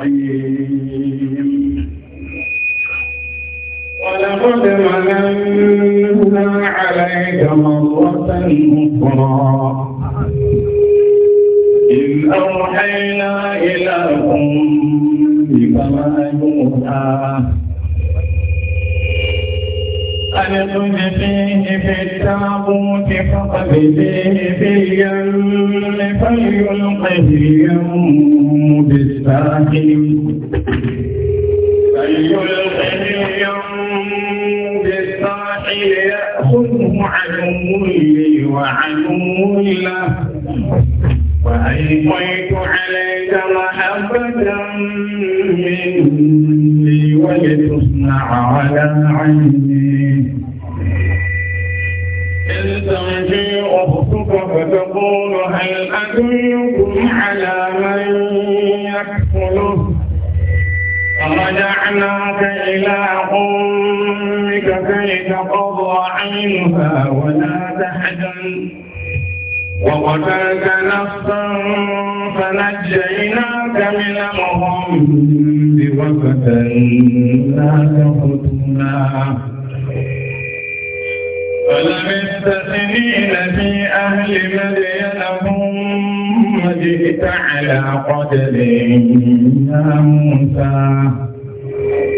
الرحيم ولقد مننا عليك مرة أخرى إذ أوحينا إلى أمك ما يوحى فيه في التابوت فاقذفيه في اليم فليلقه اليم بالساحل بالساحل يأخذه عدو لي وعدو له وألقيت عليك محبة مني ولتصنع على عيني إن تغفي أختك فتقول هل أدلكم على من يكفله فرجعناك إلى أمك كي تقض عينها ولا تحزن وقتلت نفسا فنجيناك من الغم وفتناك فتنا ولبثت سنين في أهل مدين هم جئت على قدر يا موسى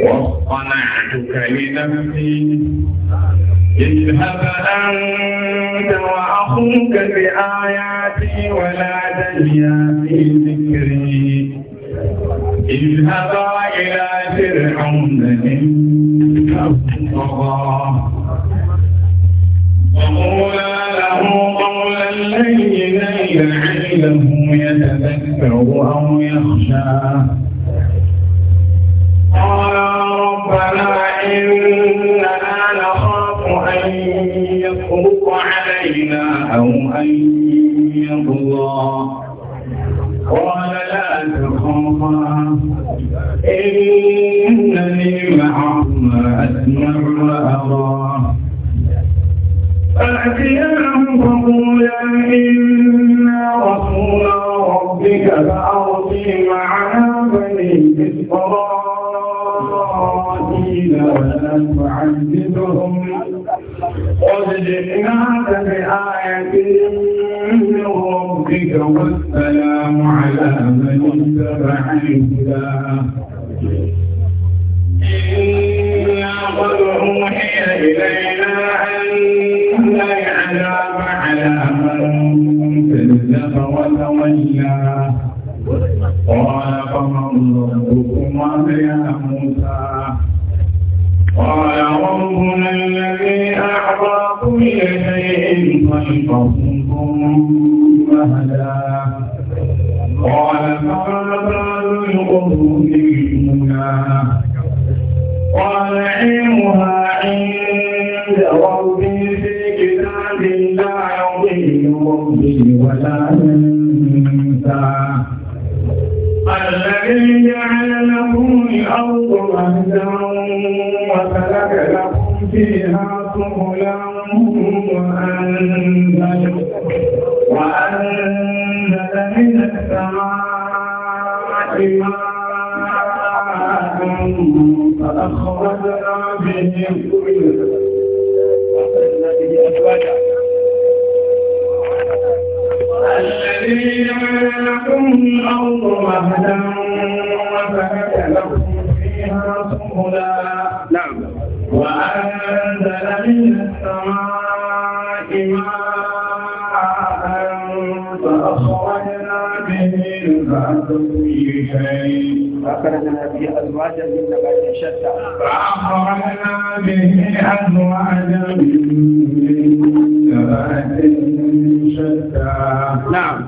واصطنعتك لنفسي اذهب أنت وأخوك بآياتي ولا تنيا في ذكري اذهبا إلى فرعون إنه الله وقولا له قولا لينا لعله يتذكر أو يخشى قالا ربنا إننا نخاف أن يفرق علينا أو أن يطغى قال لا تخافا إنني معهما أسمع وأرى فأتياهم فقولا إنا رسول ربك فأرسل معنا بني إسرائيل ولا تعذبهم قد جئناك بآية من ربك والسلام على من اتبع الهدى إنا قد أوحي إلينا أن الله عذاب على من كذب قال فمن ربكما يا موسى قال ربنا الذي أعطى كل شيء خلقه ثم هدى قال فما بال القرون عند كتاب لا ولا ينسى الذي جعل لكم الأرض مهدا وسلك لكم فيها سهلا وأنزل وأنزل من السماء ماء فأخرجنا به كل الذين لكم الأرض مهدا وسلك لكم فيها سبلا نعم وأنزل من السماء ماء فأخرجنا به البعث في شيء أخرجنا به أزواجا من نبات شتى فأخرجنا به أزواجا من سبعة شتى نعم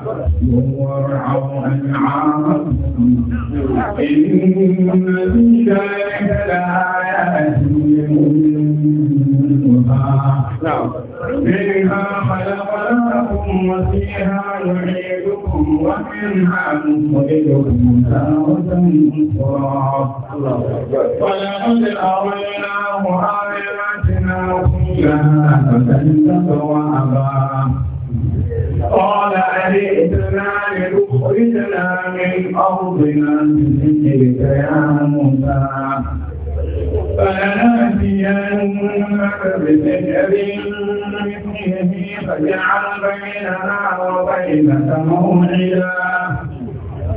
وارعوا أنعامهم إن في ذلك لآيات نعم منها خلقناكم وفيها نعيدكم ومنها نخرجكم تارة أخرى ولقد أريناه آياتنا قال أجئتنا لتخرجنا من أرضنا من تلك يا موسى فلنأتينك بسحر مثله فاجعل بيننا وبينك موعدا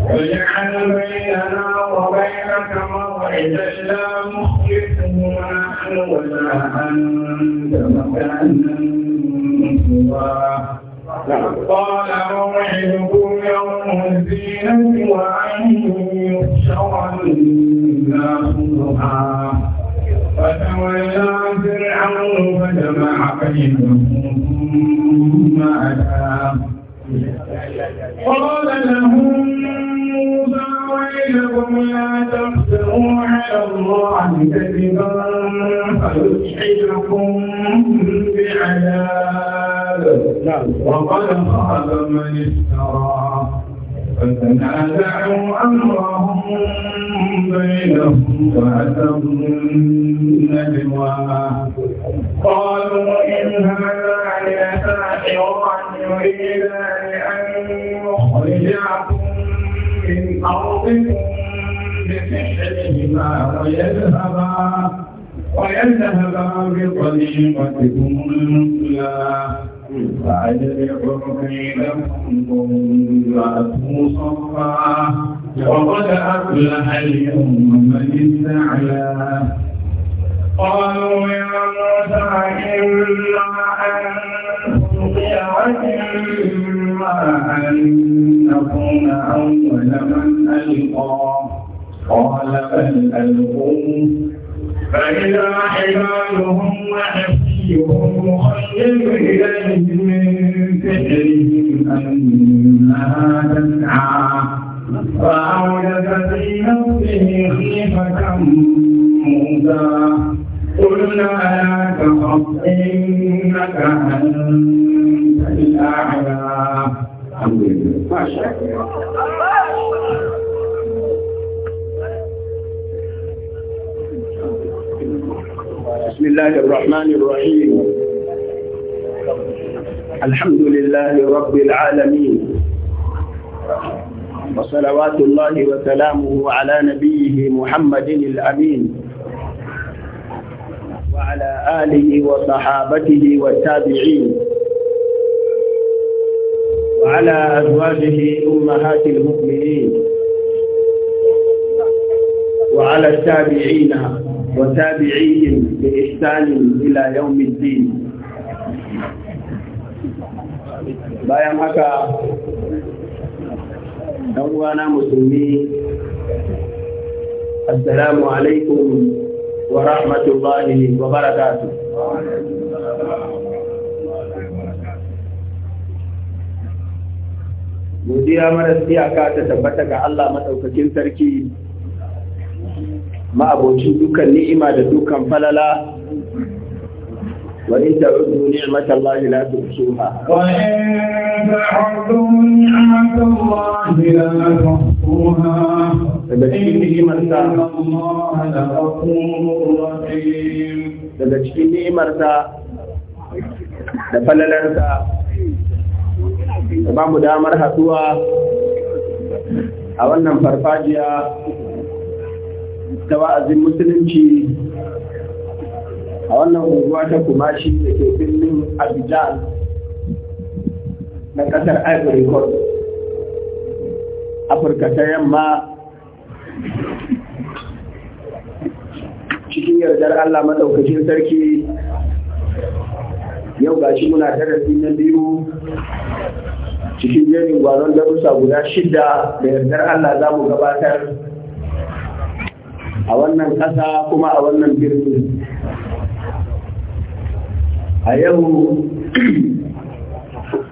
فاجعل بيننا وبينك موعدا لا مخرج نحن ولا أنت مكانا سواه قال موعدكم يوم الزينة وأن يحشر الناس ضحى فتولى فرعون فجمع كيده ثم أتى قال لهم موسى يعلمكم لا تفتروا على الله كذبا فيسحقكم بعذاب نعم. وقد خاب من افترى فتنازعوا أمرهم بينهم فاتوا النجوى قالوا إن هذان لساحران يريدان أن يخرجاكم في أرضكم بسحرهما ويذهبا ويذهبا بطريقتكم المثلى فأجمعوا بينكم ثم أتوا صفا وقد أفلح اليوم من استعلى قالوا يا موسى إما أن تلقي وإما أن نكون أول من ألقى قال بل ألقوا فإذا حبالهم وحفيهم خير إليه من سحرهم أنها تسعى فأوجد في نفسه خيفة موسى قلنا لا تخف إنك أنت الأعلى الحمد لله بسم الله الرحمن الرحيم الحمد لله رب العالمين وصلوات الله وسلامه على نبيه محمد الأمين آله وصحابته والتابعين وعلى أزواجه أمهات المؤمنين وعلى التابعين وتابعيهم بإحسان إلى يوم الدين bayan haka ɗan uwana musulmi assalamu alaikum ورحمة الله وبركاته godiya maras iyaka ta tabbata ga Allah maɗaukakin sarki ma'abocin dukan ni'ima da dukan falala وإن تعدوا نعمة الله لا تحصوها وإن تعدوا نعمة الله لا تحصوها daga cikin ni'imarsa daga cikin da falalarsa da ba mu damar haɗuwa a wannan farfajiya ta wa'azin musulunci a wannan unguwa ta kumashi da ke filin abidjan na ƙasar ivory coast afirka ta yamma cikin yardar allah maɗaukacin sarki yau ga shi muna darasi na biyu cikin jerin gwanon darussa guda shida da yardar allah za mu gabatar a wannan ƙasa kuma a wannan birni a yau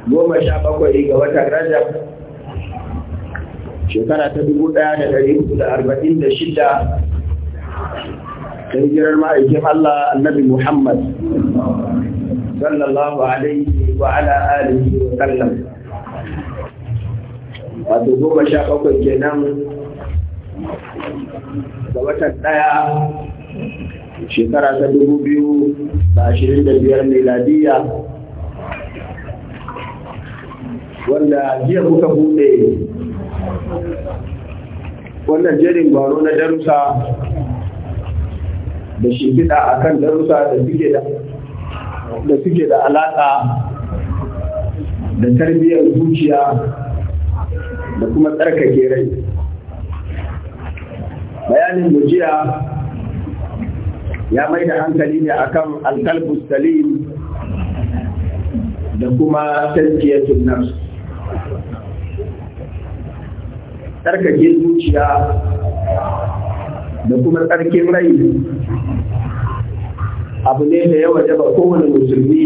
goma sha bakwai ga watan rajab shekara ta dubu ɗaya da ɗari uku da arba'in da shida ta hijirar ma'aikin Allah annabi Muhammad sallallahu alaihi wa ala alihi wa sallam wato goma sha bakwai kenan da watan ɗaya shekara ta dubu biyu da ashirin da biyar miladiya wanda jiya kuka buɗe wannan jerin gwaro na darusa, da shimfiɗa a kan darussa da suke da alaƙa da tarbiyyar zuciya da kuma tsarkake rai bayanin mujiya ya mai da hankali ne akan kan salim da kuma tarbiyyar nafs tsarkake zuciya da kuma tsarkin rai abu ne da yawa jaba kowane musulmi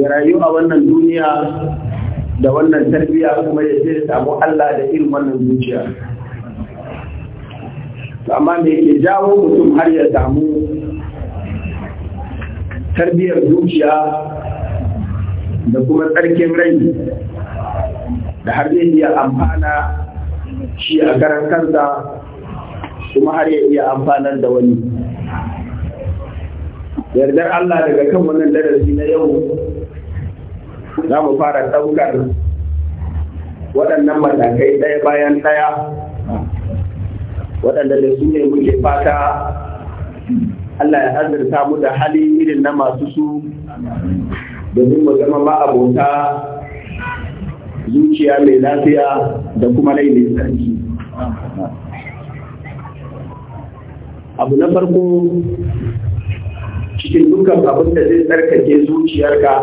ya rayu a wannan duniya da wannan tarbiyya kuma ya ce samu Allah da irin wannan zuciya amma me ke jawo mutum har ya samu tarbiyyar zuciya da kuma tsarkin rai da har zai iya amfana shi a karantarsa, kansa kuma har ya iya amfanar da wani yardar Allah daga kan wannan darasi na yau za mu fara ɗaukar waɗannan matakai ɗaya bayan ɗaya waɗanda da su ne muke fata Allah ya azurta mu da hali irin na masu su domin mu zama ma'abota zuciya mai lafiya da kuma rai mai tsarki abu na farko cikin dukkan abin da zai tsarkake zuciyarka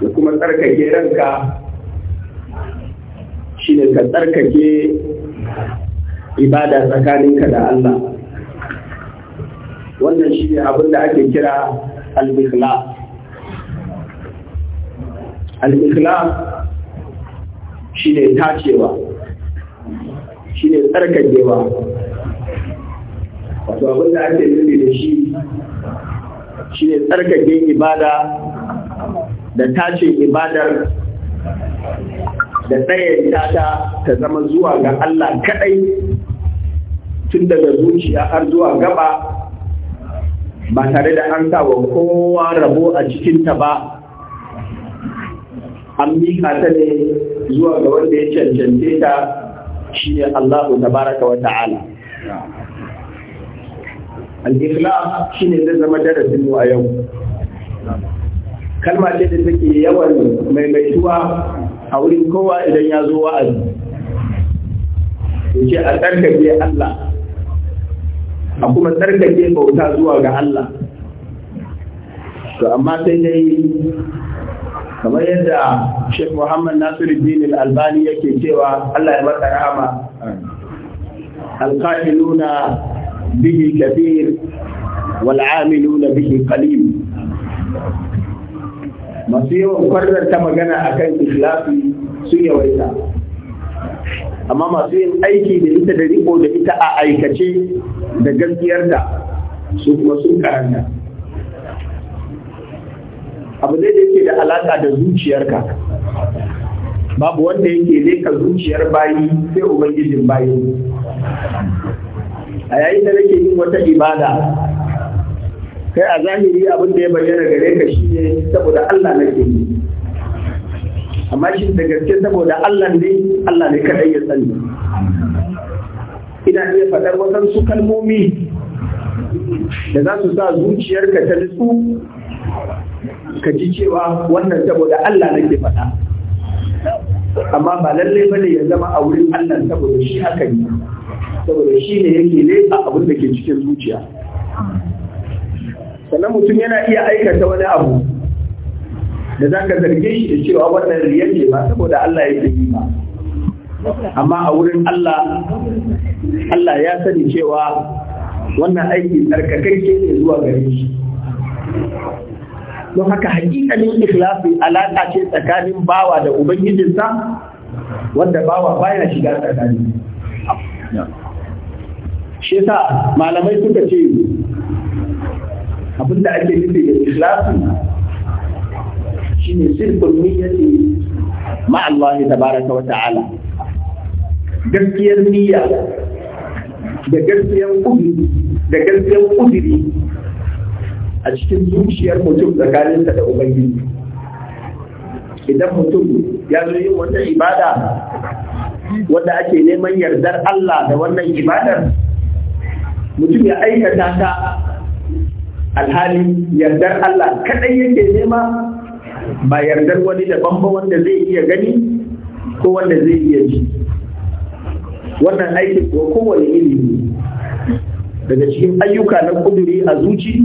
da kuma tsarkake ranka ne ka tsarkake ibada tsakaninka da Allah wannan shi ne abin da ake kira al-ikhlas al shi ne tacewa ne tsarkakewa wato abin da ake nufi da shi shi ne tsarkake ibada da tace ibadar da tsayanta ta ta zama zuwa ga Allah kadai tun daga zuciya har zuwa gaba ba tare da an sa wa kowa rabo a cikinta ba an miƙa ta ne zuwa ga wanda ya cancance ta shi ne Allah tabaraka wa ta'ala al shi ne zai zama darasin mu a yau kalma ce da take yawan maimaituwa a wurin kowa idan ya zo wa'azi ce a tsarkake Allah a kuma tsarkake bauta zuwa ga Allah to amma sai dai kamar yadda Sheikh Muhammad Nasiruddin Al-Albani yake cewa Allah ya masa rahama alqailuna bihi Kabir, wal amiluna bihi qalil masu yawan kwarzar ta magana akan ikhlasi sun yawaita amma masu yin aiki da ita da riko da ita a aikace da gaskiyarta su kuma sun karanta abu ne da yake da alaƙa da zuciyarka babu wanda yake ka zuciyar bayi sai ubangijin bayi a yayin da nake yin wata ibada kai a zahiri abin da ya bayyana gare ka shine saboda Allah nake yi amma shi da gaske saboda Allah ne Allah ne kadai ya sani ina iya faɗar su kalmomi da za su sa zuciyarka ta nutsu ka ji cewa wannan saboda Allah nake faɗa amma ba lallai bane ya zama a wurin Allah saboda shi haka ne saboda shi ne yake a abin da ke cikin zuciya sannan mutum yana iya aikata wani abu da za ka zarge shi da cewa wannan riyar ne ba saboda Allah ya yi ba amma a wurin Allah Allah ya sani cewa wannan aiki tsarkakakke ne zuwa gare shi don haka hakikalin ikhlasi alaƙa ce tsakanin bawa da ubangijinsa wanda bawa baya shiga tsakani shi yasa malamai suka ce abinda ake nufi da ikhlasi shine sirrin niyyati ma Allah tabaraka wa ta'ala gaskiyar niyya da gaskiyar kudi da gaskiyar kudiri a cikin zuciyar mutum tsakaninsa da ubangiji idan mutum ya zo yin wata ibada wanda ake neman yardar Allah da wannan ibadar mutum ya aikata ta alhali yardar Allah kadai yake nema ba yardar wani daban ba wanda zai iya gani ko wanda zai iya ji wannan aiki ko kowane ilimi daga cikin ayyuka na kuduri a zuci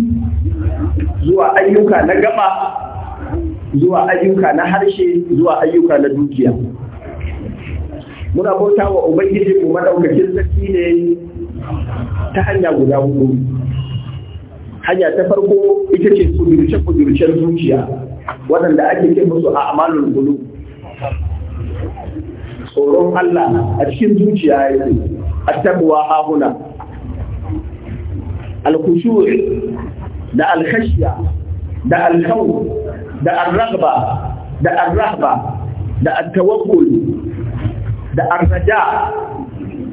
zuwa ayyuka na gaba zuwa ayyuka na harshe zuwa ayyuka na dukiya muna bauta wa ubangiji mu madaukakin sarki ne ta hanya guda hudu hanya ta farko ita ce kudurce-kudurcen zuciya waɗanda ake ke musu a amalin gulu tsoron Allah a cikin zuciya ya ce a tabuwa hahuna alkushu da alkhashiya da alkhawf da arragba da arrahba da attawakkul da arraja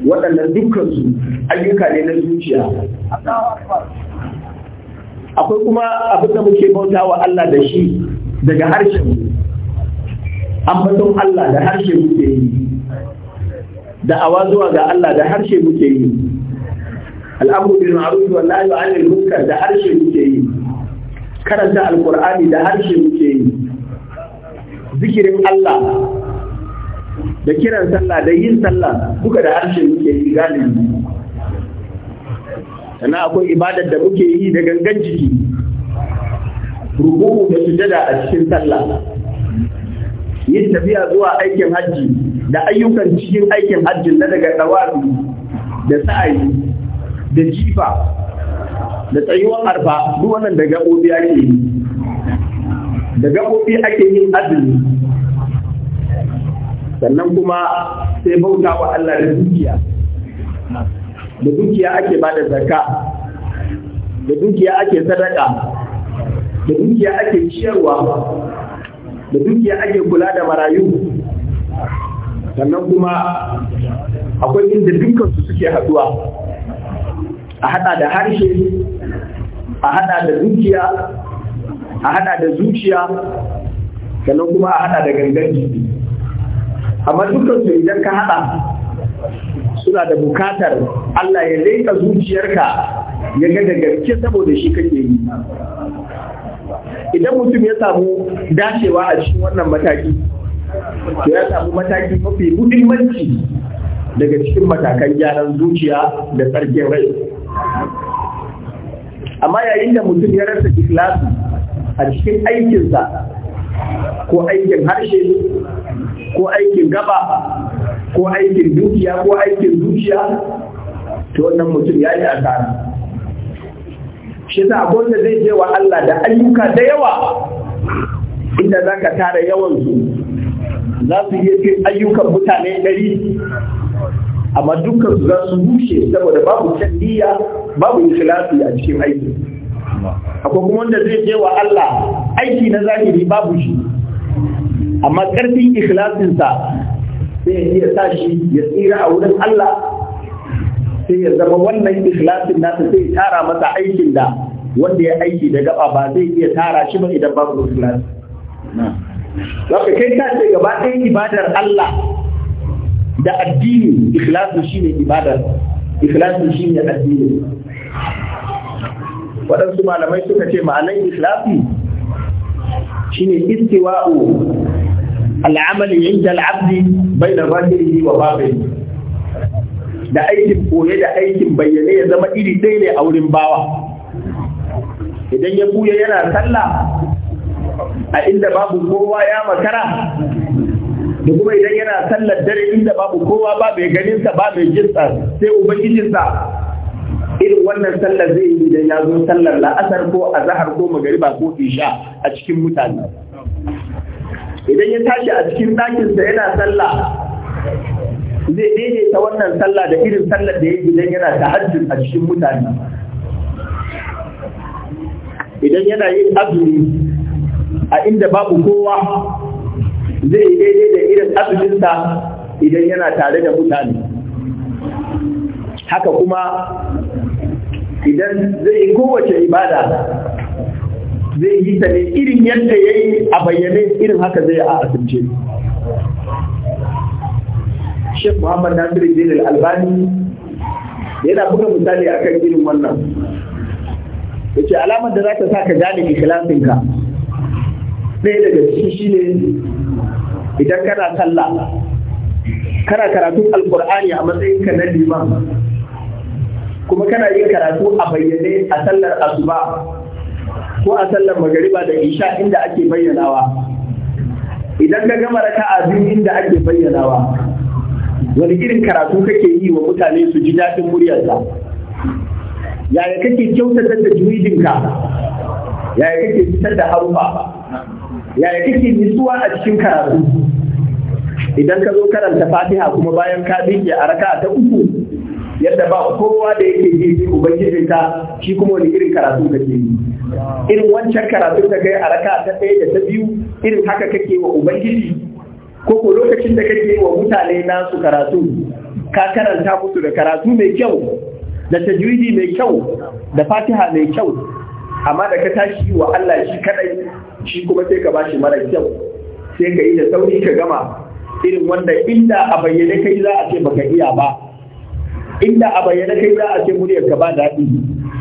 waɗannan dukkan su ayyuka ne na zuciya akwai kuma abin da muke bauta wa Allah da shi daga harshen ambaton Allah da harshe muke yi da awa zuwa ga Allah da harshe muke yi al'amru bil ma'ruf wal nahyu 'anil munkar da harshe muke yi karanta alqur'ani da harshe muke yi zikirin Allah da kiran sallah da yin sallah duka da harshe muke yi galibi sannan akwai ibadar da muke yi da gangan jiki rubu da sujada a cikin sallah yin tafiya zuwa aikin hajji da ayyukan cikin aikin hajji na daga tawafi da sa'ayi da jifa da tsayuwar arfa duk wannan da gaɓoɓi ake yi da gaɓoɓi ake yin azumi sannan kuma sai bauta wa Allah da dukiya da dukiya ake bada zakka da dukiya ake sadaka da dukiya ake ciyarwa da dukiya ake kula da marayu sannan kuma akwai inda dukkan su suke haduwa a hada da harshe a hada da zuciya, a hada da zuciya sannan kuma a hada da gangan jiki amma dukkan su idan ka hada suna da bukatar Allah ya leƙa zuciyarka ya ga gaske saboda shi kake yi idan mutum ya samu dacewa a cikin wannan mataki to ya samu mataki mafi muhimmanci daga cikin matakan gyaran zuciya da tsarkin rai amma yayin da mutum ya rasa ikhlasi a cikin aikinsa ko aikin harshe ko aikin gaba ko aikin dukiya ko aikin zuciya to wannan mutum ya yi asara shi ta zai je wa Allah da ayyuka da yawa inda za ka tara yawansu za su yi ayyukan mutane ɗari amma dukkan su za su bushe saboda babu kyandiya babu ikhlasi a cikin aiki akwai kuma wanda zai je wa Allah aiki na zahiri babu shi amma ƙarfin ikilasinsa sai ya sa shi ya tsira a wurin Allah sai ya zama wannan ikhlasin nasa sai ya tara masa aikin da wanda ya aiki da gaba ba zai iya tara shi ba idan babu ikhlasi. Zaka kai ta ce gaba ɗaya ibadar Allah da addini ikhlasu shine ibada ikhlasu shine addini waɗansu malamai suka ce ma'anar ikhlasi shine istiwa'u al'amali inda al'abdi bai da zahiri wa babai da aikin koye da aikin bayyane ya zama iri ɗaya ne a wurin bawa idan ya buya yana sallah a inda babu kowa ya makara da kuma idan yana sallar dare inda babu kowa ba mai ganin sa ba mai sa sai ubangijin sa irin wannan sallar zai yi idan ya zo sallar la'asar ko azhar ko magriba ko isha a cikin mutane idan ya tashi a cikin ɗakinsa yana sallah zai daidaita wannan sallah da irin sallar da ya idan yana tahajjud a cikin mutane idan yana yin azumi a inda babu kowa zai daidai da irin asibinsa idan yana tare da mutane haka kuma idan zai yi kowace ibada zai yi ta ne irin yadda ya yi a bayyane irin haka zai a asibce Sheikh Muhammad Nasiru Jini Albani yana buga misali akan irin wannan. ce alamar da za ta sa ka gane ikhlasinka ɗaya daga ciki ne. idan kana sallah kana karatun alkur'ani a matsayin ka na liman kuma kana yin karatu a bayyane a sallar asuba ko a sallar magariba da isha inda ake bayyanawa idan ka gama raka biyu inda ake bayyanawa wani irin karatu kake yi wa mutane su ji daɗin muryarsa yaya kake kyautata da juridinka yaya kake fitar da harufa yaya kake nutsuwa a cikin karatu idan ka zo karanta fatiha kuma bayan ka miƙe a raka ta uku yadda ba kowa da yake ji ubangijin ka shi kuma wani irin karatu kake yi irin wancan karatu ta kai a raka ta ɗaya da ta biyu irin haka kake wa ubangiji ko ko lokacin da kake wa mutane nasu karatu ka karanta musu da karatu mai kyau da tajwidi mai kyau da fatiha mai kyau amma da ka tashi wa Allah shi kadai shi kuma sai ka bashi mara kyau sai ka yi da sauri ka gama irin wanda inda a bayyane kai za a ce baka iya ba inda a bayyane kai za a ce muryar ka ba daɗi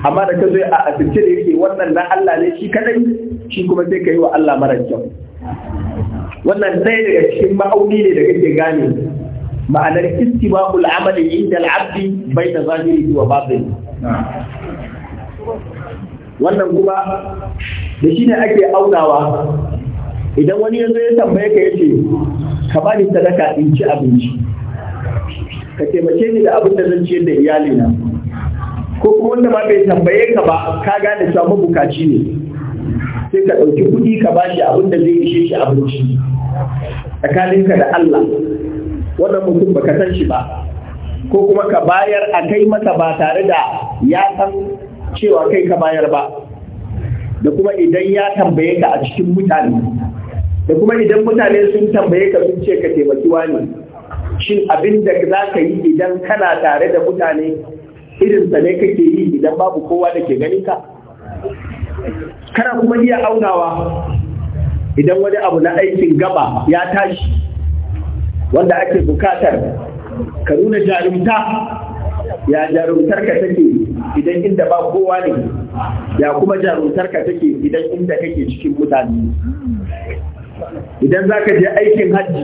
amma da ka zo a asirce da yake wannan na Allah ne shi kadai shi kuma sai ka yi wa Allah mara kyau wannan ɗaya daga cikin ma'auni ne da kake gane ma'anar istibaqul amali inda al-abdi baina zahiri wa batin wannan kuma da shi ne ake aunawa idan wani ya zo ya tambaye ka yace ka ba ni sadaka in ci abinci ka taimake ni da abin da zan ciyar da iyalina ko kuma wanda ma bai tambaye ka ba ka gane cewa mabukaci ne sai ka ɗauki kuɗi ka ba shi abin da zai ishe shi abinci tsakaninka da Allah wannan mutum baka san shi ba ko kuma ka bayar a kai masa ba tare da ya san cewa kai ka bayar ba da kuma idan ya tambaye ka a cikin mutane da kuma idan mutane sun tambaye ka sun ce ka taimaki wani shin abin da za ka yi idan kana tare da mutane irin sa ne kake yi idan babu kowa da ke ganin ka kana kuma iya aunawa idan wani abu na aikin gaba ya tashi wanda ake bukatar ka nuna jarumta ya jarumtarka take idan inda ba kowa ne ya kuma jarumtarka take idan inda kake cikin mutane idan za ka je aikin hajji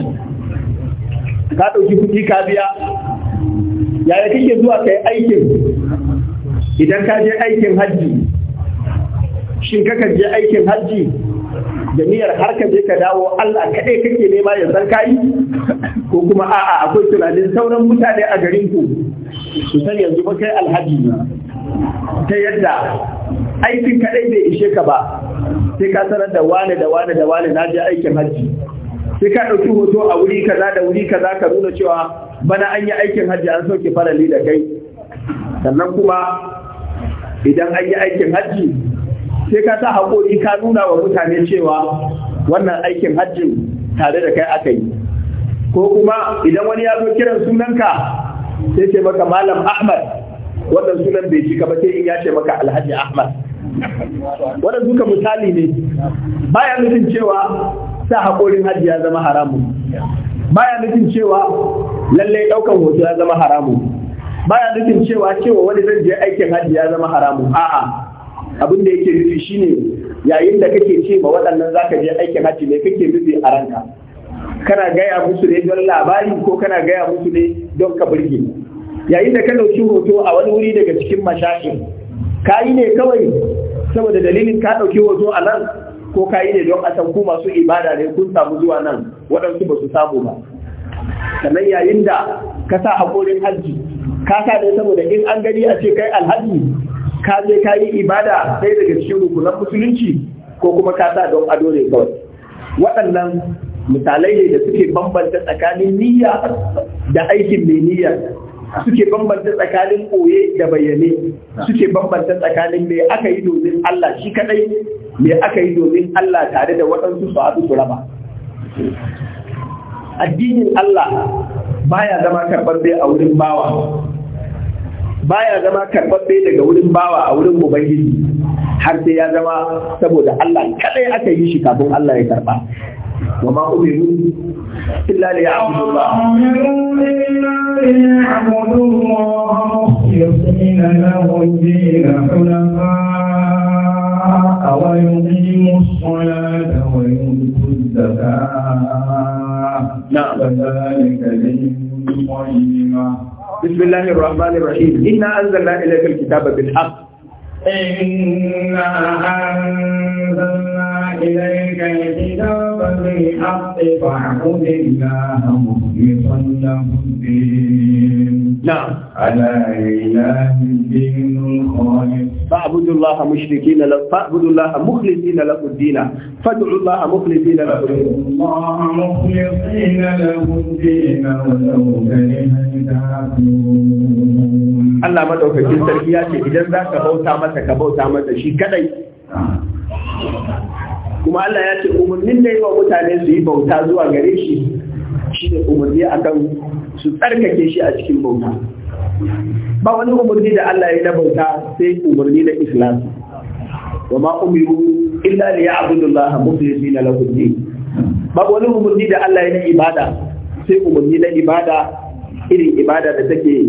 ka ɗauki kuɗi ka biya yaya kake zuwa kai aikin idan ka je aikin hajji shin kaka je aikin hajji jami'ar har ka je ka dawo Allah kaɗai kake nema ya san kayi ko kuma a'a akwai tunanin sauran mutane a garin ku su san yanzu ba kai alhaji ta yadda aikin kaɗai bai ishe ka ba sai ka sanar da wane da wane da wane na je aikin hajji sai ka ɗauki hoto a wuri kaza da wuri kaza ka nuna cewa bana an yi aikin hajji an sauke farali da kai sannan kuma idan an yi aikin hajji sai ka sa haƙori ka nuna wa mutane cewa wannan aikin hajjin tare da kai aka yi ko kuma idan wani ya zo kiran sunanka sai ce maka malam ahmad wannan sunan bai cika ba sai in ya ce maka alhaji ahmad wannan duka misali ne baya nufin cewa sa haƙorin hajji ya zama haramun baya nufin cewa lallai ɗaukan hoto ya zama haramun baya nufin cewa cewa wani zan je aikin hajji ya zama haramun a'a abin da yake nufi shine yayin da kake ce ma waɗannan za ka je aikin hajji ne kake nufi a ranka kana gaya musu ne don labari ko kana gaya musu ne don ka burge yayin da ka ɗauki hoto a wani wuri daga cikin mashashin, ka yi ne kawai saboda dalilin ka ɗauki hoto a nan ko ka yi ne don a san ku masu ibada ne kun samu zuwa nan waɗansu ba su samu ba sannan yayin da ka sa haƙorin hajji ka sa ne saboda in an gani a ce kai alhaji ka je ka yi ibada sai daga cikin rukunan musulunci ko kuma ka sa don ado ne kawai waɗannan misalai ne da suke bambanta tsakanin niyya da aikin mai niyya suke bambanta tsakanin koye da bayyane suke bambanta tsakanin mai aka yi domin Allah shi kadai me aka yi domin Allah tare da waɗansu su haɗu su raba addinin Allah baya zama karɓar a wurin bawa baya zama karɓaɓɓe daga wurin bawa a wurin ubangiji har sai ya zama saboda Allah kadai aka yi shi kafin Allah ya karɓa wa ma umiru illa li ya'budullah ويقيموا الصلاة ويؤتوا الزكاة وذلك دين قيمة بسم الله الرحمن الرحيم إنا أنزلنا إليك الكتاب بالحق إنا أنزلنا إليك الكتاب بالحق فاعبد الله مخلصا له الدين نعم ألا لله الدين الخالص فاعبدوا الله مشركين له فاعبدوا الله مخلصين له الدين فادعوا الله مخلصين له الدين الله مخلصين له الدين ولو كره الكافرون Allah madaukakin sarki ya ce idan za ka bauta masa masa ka bauta masa shi kadai kuma Allah ya ce umarnin da yi wa mutane su yi bauta zuwa gare shi shi ne umarni akan su tsarkake shi a cikin bauta ba wani umarni da Allah ya na bauta sai umarni na islam wa ma umiru illa li ya'budu Allah mukhlisina lahu ba wani umurni da Allah ya na ibada sai umarni na ibada irin ibada da take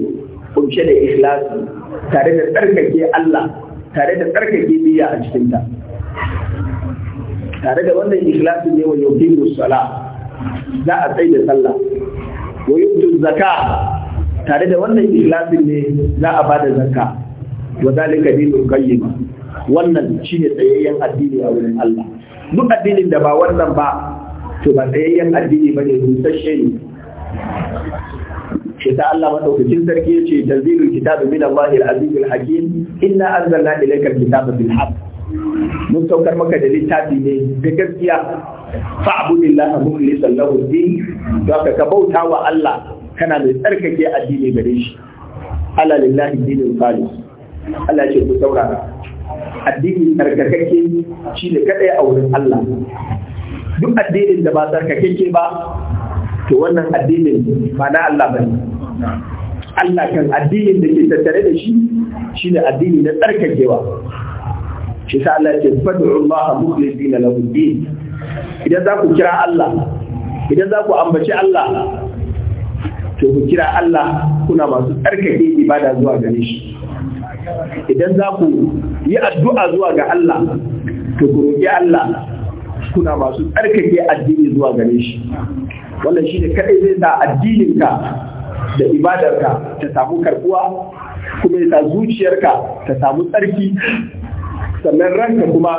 kunshe da ikhlasi tare da tsarkake Allah tare da tsarkake niyya a cikinta tare da wannan ikhlasi ne wa yuqimu sala za a tsaye da sallah wa yuqtu zaka tare da wannan ikhlasi ne za a bada zakka wa zalika dinul qayyim wannan shine tsayayyen addini a wurin Allah duk addinin da ba wannan ba to ba tsayayyen addini bane rusasshe ne shi Allah madaukakin sarki yace tanzilul kitabi min Allahi al-azizul hakim inna anzalna ilayka al-kitaba bil haqq mun saukar maka da littafi ne da gaskiya fa'budillaha mukhlishan lahu din ka ka bauta wa Allah kana mai tsarkake addini gare shi ala lillahi dinul khalis Allah ce ku saurara addini tsarkakake shi ne kadai a wurin Allah duk addinin da ba tsarkakakke ba to wannan addinin ba na Allah ba ne Allah kan addinin da ke tattare da shi shi ne addini na tsarkakewa shi sa Allah ce fad'u Allah mukhlisina na buɗe idan za ku kira Allah idan za ku ambaci Allah to ku kira Allah kuna masu tsarkake ibada zuwa gare shi idan za ku yi addu'a zuwa ga Allah to ku roƙi Allah kuna masu tsarkake addini zuwa gare shi wannan shi ne kaɗai zai sa addininka da ibadarka ta samu karbuwa kuma ya sa zuciyarka ta samu tsarki sannan ranka kuma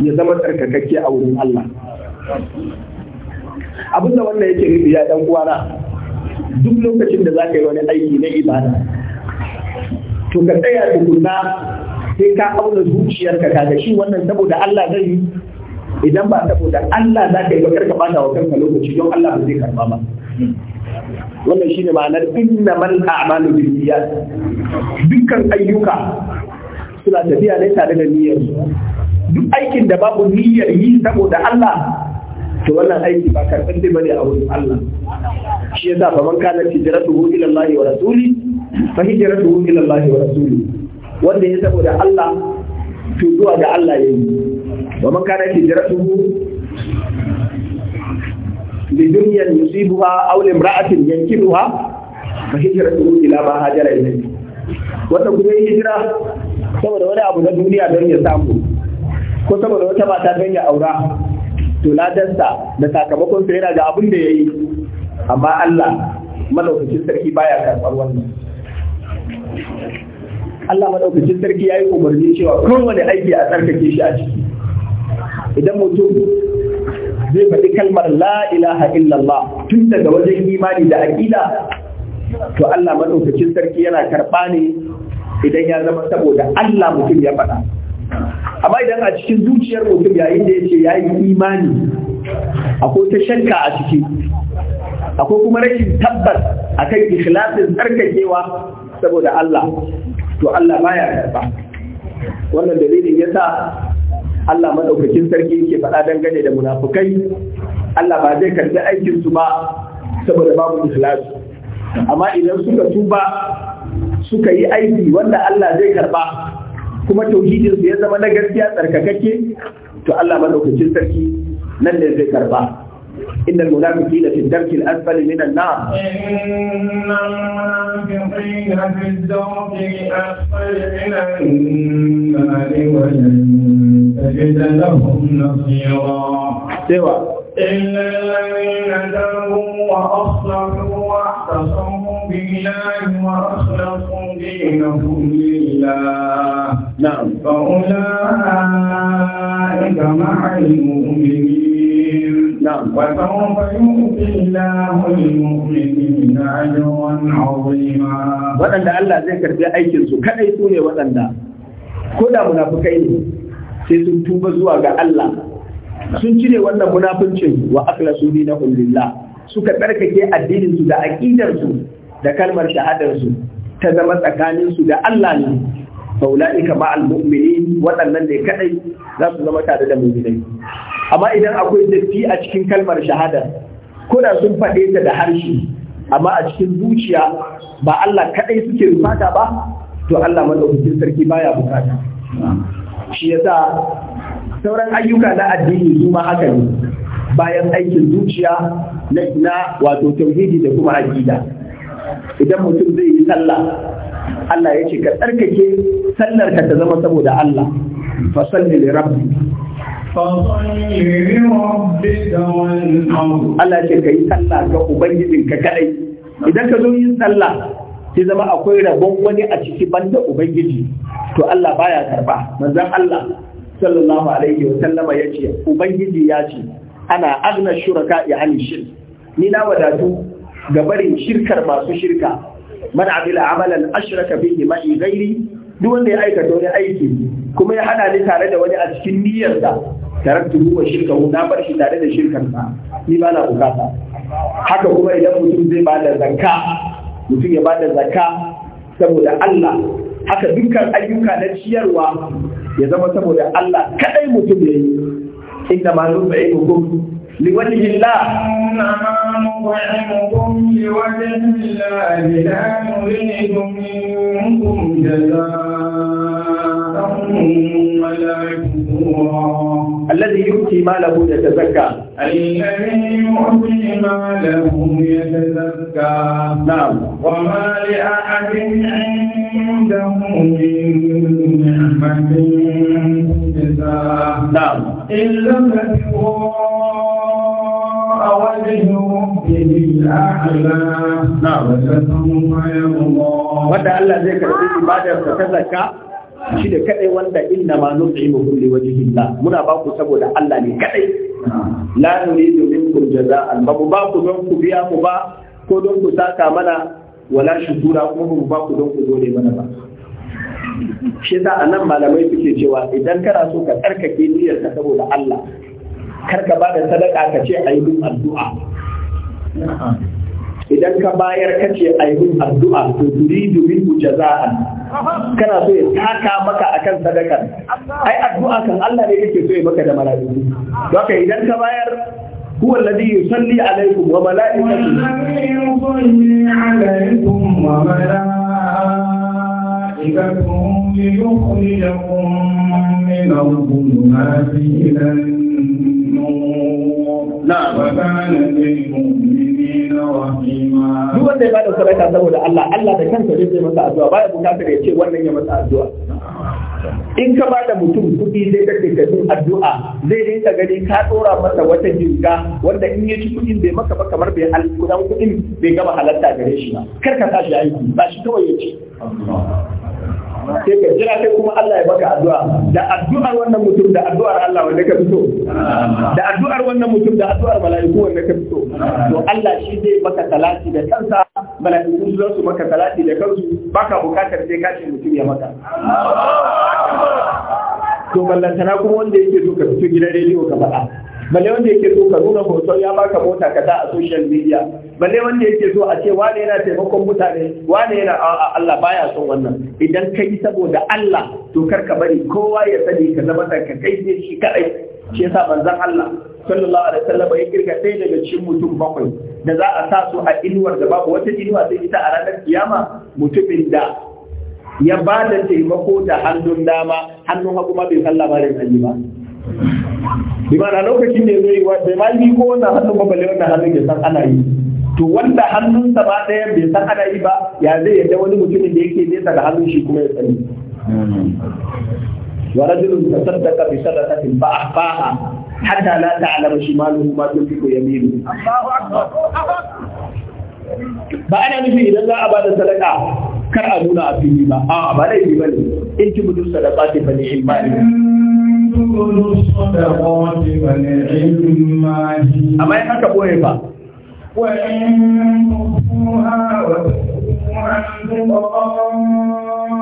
ya zama tsarkakakke a wurin Allah abin da wannan yake nufi ya ɗan uwana duk lokacin da za ka yi wani aiki na ibada to ka tsaya tukunna sai ka auna zuciyarka kaga shi wannan saboda Allah zai yi idan ba saboda Allah za ka yi bakar ka bata wa kanka lokaci don Allah ba zai karba ba wannan shine ma'anar inna man a'malu bil niyyat dukkan ayyuka suna tafiya ne tare da niyyar duk aikin da babu niyyar yi saboda Allah to wannan aiki ba karɓar dai bane a wurin Allah shi yasa fa man kana hijratuhu ila Allah wa rasuli fa hijratuhu ila Allah wa rasuli wanda ya saboda Allah to zuwa ga Allah yayi ومن كان kana hijratuhu li dunyan yusibuha aw li imra'atin yankihuha fa hijratuhu ila ma hajara wanda kuma hijira saboda wani abu na duniya don ya samu ko saboda wata mata don ya aura to ladansa da sakamakon sa yana ga abin da ya yi. amma Allah madaukakin sarki baya karɓar wannan Allah madaukakin sarki yayi umarni cewa kowane aiki a tsarkake shi a ciki idan mutum zai faɗi kalmar la ilaha illallah tun daga wajen imani da aƙida to Allah maɗaukacin sarki yana karɓa ne idan ya zama saboda Allah mutum ya faɗa amma idan a cikin zuciyar mutum yayin da ya ce ya yi imani akwai ta shakka a ciki akwai kuma rashin tabbas a kan ikhlasin tsarkakewa saboda Allah to Allah baya karɓa wannan dalilin yasa Allah madaukakin sarki yake faɗa dangane da munafukai Allah ba zai karbi aikin su ba saboda babu ikhlasi amma idan suka tuba suka yi aiki wanda Allah zai karba kuma tauhidin su ya zama na gaskiya tsarkakakke to Allah madaukakin sarki nan ne zai karba إن المنافقين في الدرك الأسفل من النار إن المنافقين في الدرك الأسفل من النار ولن تجد لهم نصيرا سوى إلا الذين تابوا وأصلحوا واعتصموا بالله وأخلصوا دينهم لله نعم فأولئك مع المؤمنين Waɗanda Allah zai karɓi aikinsu عظيما وأن الله ذكر ko da munafukai ne sai sun tuba zuwa ga Allah sun cire wannan munafuncin wa na dinahum lillah suka tsarkake addininsu da aƙidarsu da kalmar shahadar ta zama tsakaninsu da Allah ne faula'ika ma al-mu'minin waɗannan ne kadai za su zama tare da mu'minai amma idan akwai datti a cikin kalmar shahada ko da sun faɗe ta da harshe amma a cikin zuciya ba Allah kadai suke rufata ba to Allah madaukakin sarki baya bukata shi yasa sauran ayyuka na addini su ma haka ne bayan aikin zuciya na wato tauhidi da kuma aqida idan mutum zai yi sallah Allah ya ce ka tsarkake sallar ka ta zama saboda Allah fa salli li rabbi Allah ya ce ka yi sallah ga ubangijin ka kadai idan ka zo yin sallah sai zama akwai rabon wani a ciki banda ubangiji to Allah baya karba manzon Allah sallallahu alaihi wa sallama ce. ubangiji ya ce ana agna shuraka ya ani shirk ni na wadatu ga barin shirkar masu shirka man amila amalan ashraka bihi ma'i ghairi duk wanda ya aikata wani aiki kuma ya hada ni tare da wani a cikin niyyarsa taraktu wa shirka na bar shi tare da shirkan sa ni ba na bukata haka kuma idan mutum zai bada zakka mutum ya ba zakka saboda Allah haka dukkan ayyuka na ciyarwa ya zama saboda Allah kadai mutum ya yi inda ma لوجه الله إنما نطعمكم لوجه الله لا نريد منكم جزاء ولا شكورا الذي يؤتي ماله يتزكى الذي يؤتي ماله يتزكى نعم وما لأحد عنده من نعمة تجزى نعم إلا ابتغاء وجه wanda Allah zai karbi ibadar ta zakka shi da kadai wanda inna ma nut'imuhum li wajhi Allah muna ba ku saboda Allah ne kadai la nuridu minkum jaza'an ba ba ku don ku biya mu ba ko don ku saka mana wala shukura kuma mu ba ku don ku dole mana ba shi yasa anan malamai suke cewa idan kana so ka tsarkake niyyarka saboda Allah kar ka ba da sadaka ka ce a yi min addu'a idan ka bayar ka ce a yi min addu'a to duri duri ku jaza'an kana so ya taka maka akan sadakar ai addu'a kan Allah ne yake so ya maka da mala'iku to haka idan ka bayar هو الذي يصلي عليكم وملائكته الذي يصلي عليكم وملائكته ليخرجكم duk wanda ya bada sadaka saboda Allah Allah da kansa zai masa addu'a baya bukatar ya ce wannan ya masa addu'a in ka ba da mutum kuɗi zai kake ka yi addu'a zai rinka gani ka ɗora masa wata jinga wanda in ya ci kuɗin bai maka ba kamar bai kuɗin bai gama halatta gare shi ba kar ka sa shi aiki ba shi kawai ya ce sai ka jira sai kuma Allah ya baka addu'a da addu'ar wannan mutum da addu'ar Allah wanda ka fito da addu'ar wannan mutum da addu'ar mala'iku wanda ka fito to Allah shi zai baka salati da kansa mala'iku za su maka talaci da kansu baka bukatar sai kashin mutum ya maka to ballantana kuma wanda yake so ka fito gidan rediyo ka faɗa balle wanda yake so ka nuna hoton ya baka mota ka ta a social media balle wanda yake so a ce wane yana taimakon mutane wane yana a Allah baya son wannan idan ka yi saboda Allah to kar ka bari kowa ya sani ka zama ka kai ne shi kadai shi yasa manzon Allah sallallahu alaihi wasallam ya kirga sai daga cikin mutum bakwai da za a sa su a inuwar da babu wata inuwa sai ita a ranar kiyama mutumin da ya ba da taimako da hannun dama hannun hagu ma bai san labarin ba bi ma'ana lokacin da ya zai wa bai ma yi ko wannan hannun ba balle wannan hannun ya san ana yi to wanda hannunsa ba ɗaya bai san ana yi ba ya zai yadda wani mutumin da yake nesa da hannun shi kuma ya sani wa rajulun tasaddaqa bi sadaqatin fa ahfaha hatta la ta'lamu shimaluhu ma tunfiqu yaminu Allahu akbar ba ana nufi idan za a bada sadaka kar a nuna a fili ba a ba laifi ba ne in ki budu sadaqati fa bane imani amma in haka boye ba wa in wa tuha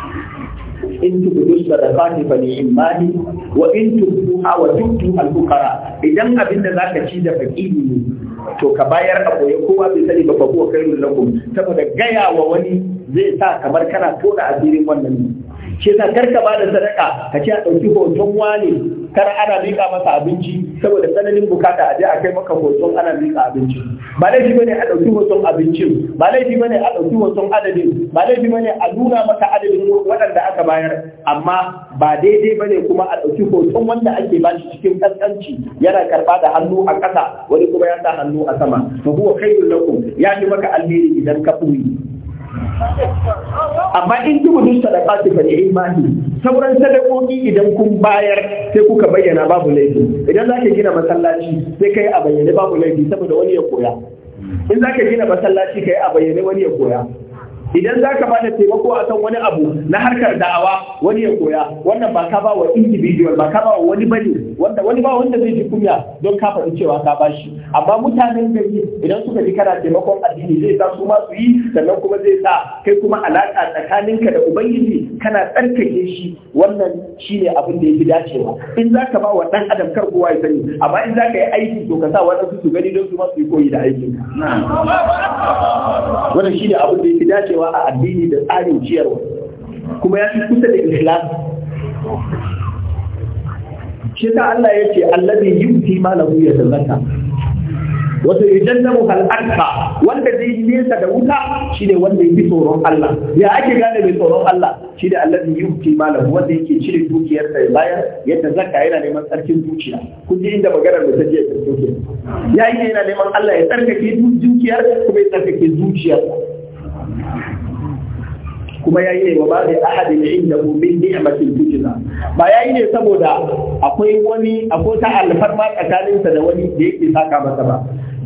in tubudu sadaqati fa imani wa in tubu wa tu'tu al-fuqara idan abin da zaka ci da fakiri ne to ka bayar a koyi kowa bai sani ba fa kai mun lakum saboda gaya wa wani zai sa kamar kana tona asirin wannan ne shi ka karka ba da sadaka ka ce a ɗauki hoton wani kar ana miƙa masa abinci saboda tsananin bukata a je a kai maka hoton ana miƙa abinci ba laifi bane a ɗauki hoton abincin ba laifi bane a ɗauki hoton adadin ba laifi bane a nuna maka adadin waɗanda aka bayar amma ba daidai bane kuma a ɗauki hoton wanda ake bashi cikin kaskanci yana karɓa da hannu a ƙasa wani kuma ya sa hannu a sama fa huwa khairul lakum ya fi maka alheri idan ka buyi amma in tubu da sadaka su fa imani sauran sadakoki idan kun bayar sai kuka bayyana babu laifi idan za ka gina masallaci sai kai a bayyane babu laifi saboda wani ya koya in za ka gina masallaci kai a bayyane wani ya koya idan za ka bada taimako a kan wani abu na harkar da'awa wani ya koya wannan ba ka ba wa individual ba ka ba wa wani bane wani ba wanda zai ji kunya don ka faɗi cewa ka bashi amma mutanen gari idan suka ji kana taimakon addini zai sa su su yi sannan kuma zai sa kai kuma alaƙa tsakaninka da ubangiji kana tsarkake shi wannan shine abin da yafi dacewa in za ka ba wa ɗan adam kar kowa ya sani amma in za ka yi aiki to ka sa waɗansu su gani don su ma yi koyi da aikin wannan shine abin da yafi dacewa a addini da tsarin ciyarwa kuma ya fi kusa da ikhlas shi ta Allah ya ce allazi yumti malahu ya zallata wato yujannabu hal arka wanda zai nesa da wuta shine wanda yake tsoron Allah ya ake gane mai tsoron Allah shine allazi yumti malahu wanda yake cire dukiyar ya bayar yadda zakka yana neman tsarkin dukiya kun ji inda maganar da take ta Ya yayin yana neman Allah ya tsarkake dukiyar kuma ya tsarkake zuciyarsa kuma ya yi ne wa babu ahadin inda a ni'matin tujina ba ya yi ne saboda akwai wani akwai ta ma tsakaninsa da wani da yake saka masa ba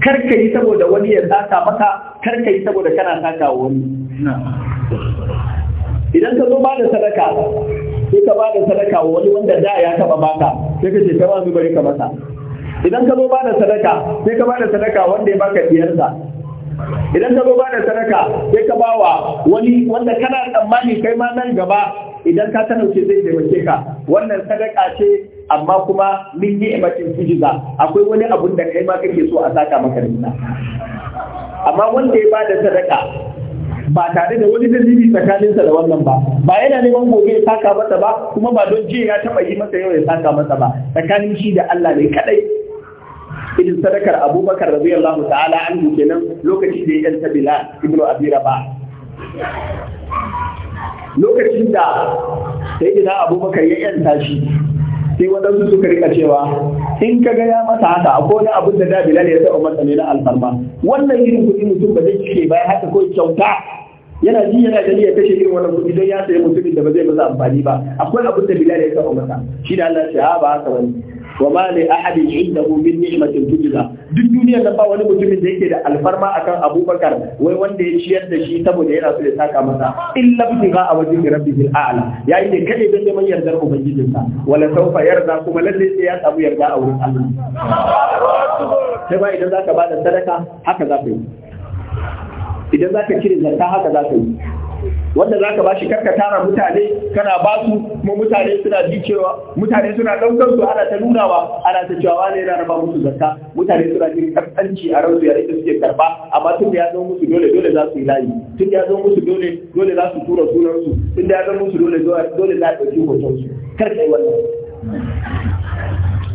kar ka yi saboda wani ya saka maka kar ka yi saboda kana saka wani idan ka zo ba da sadaka sai ka ba da sadaka wa wani wanda da ya taba baka sai ka ce ka ba mu bari ka masa idan ka zo ba da sadaka sai ka ba da sadaka wanda ya baka diyarsa idan ka zo ba da sadaka sai ka ba wa wani wanda kana tsammani kai ma nan gaba idan ka ce zai taimake ka wannan sadaka ce amma kuma min ni'imatin tujiza akwai wani abun da kai ma kake so a saka maka nuna amma wanda ya ba da sadaka ba tare da wani dalili tsakaninsa da wannan ba ba yana neman gobe ya saka masa ba kuma ba don jiya ya taba yi masa yau ya saka masa ba tsakanin shi da Allah ne kadai irin sadakar abubakar radiyallahu ta'ala an kenan lokacin da ya yanta bilal ibnu abi raba lokacin da sai ina abubakar ya yanta shi sai wadansu suka rika cewa in ka gaya masa haka akwai wani abin da dabila ne ya taɓa masa ne na alfarma wannan irin kuɗi mutum ba zai cike bayan haka ko kyauta yana ji yana gani ya kashe irin wannan kuɗi don ya sayi mutumin da ba zai masa amfani ba akwai abin da bilal ya taɓa masa shi da Allah ya ce ah, ba haka wani wa ma li ahadin indahu min ni'matin tujza duk duniyar nan ba wani mutumin da yake da alfarma akan Bakar, wai wanda ya ciyar da shi saboda yana so ya saka masa illa biga a wajen rabbihi al'ala yayi ne kade da neman yardar ubangijin sa wala sawfa yarda kuma lalle sai ya samu yarda a wurin Allah sai ba idan zaka sadaka haka zaka yi idan haka zaka yi wanda za ka ba shi karka tara mutane kana ba su kuma mutane suna ji cewa mutane suna ɗaukar su ana ta nunawa ana ta cewa wani yana raba musu zakka mutane suna jin karkanci a rauzu yayin da suke karba amma tun da ya zo musu dole dole za su yi layi tun da ya zo musu dole dole za su tura sunan su tun da ya zo musu dole dole za su ɗauki hoton su kar kai wannan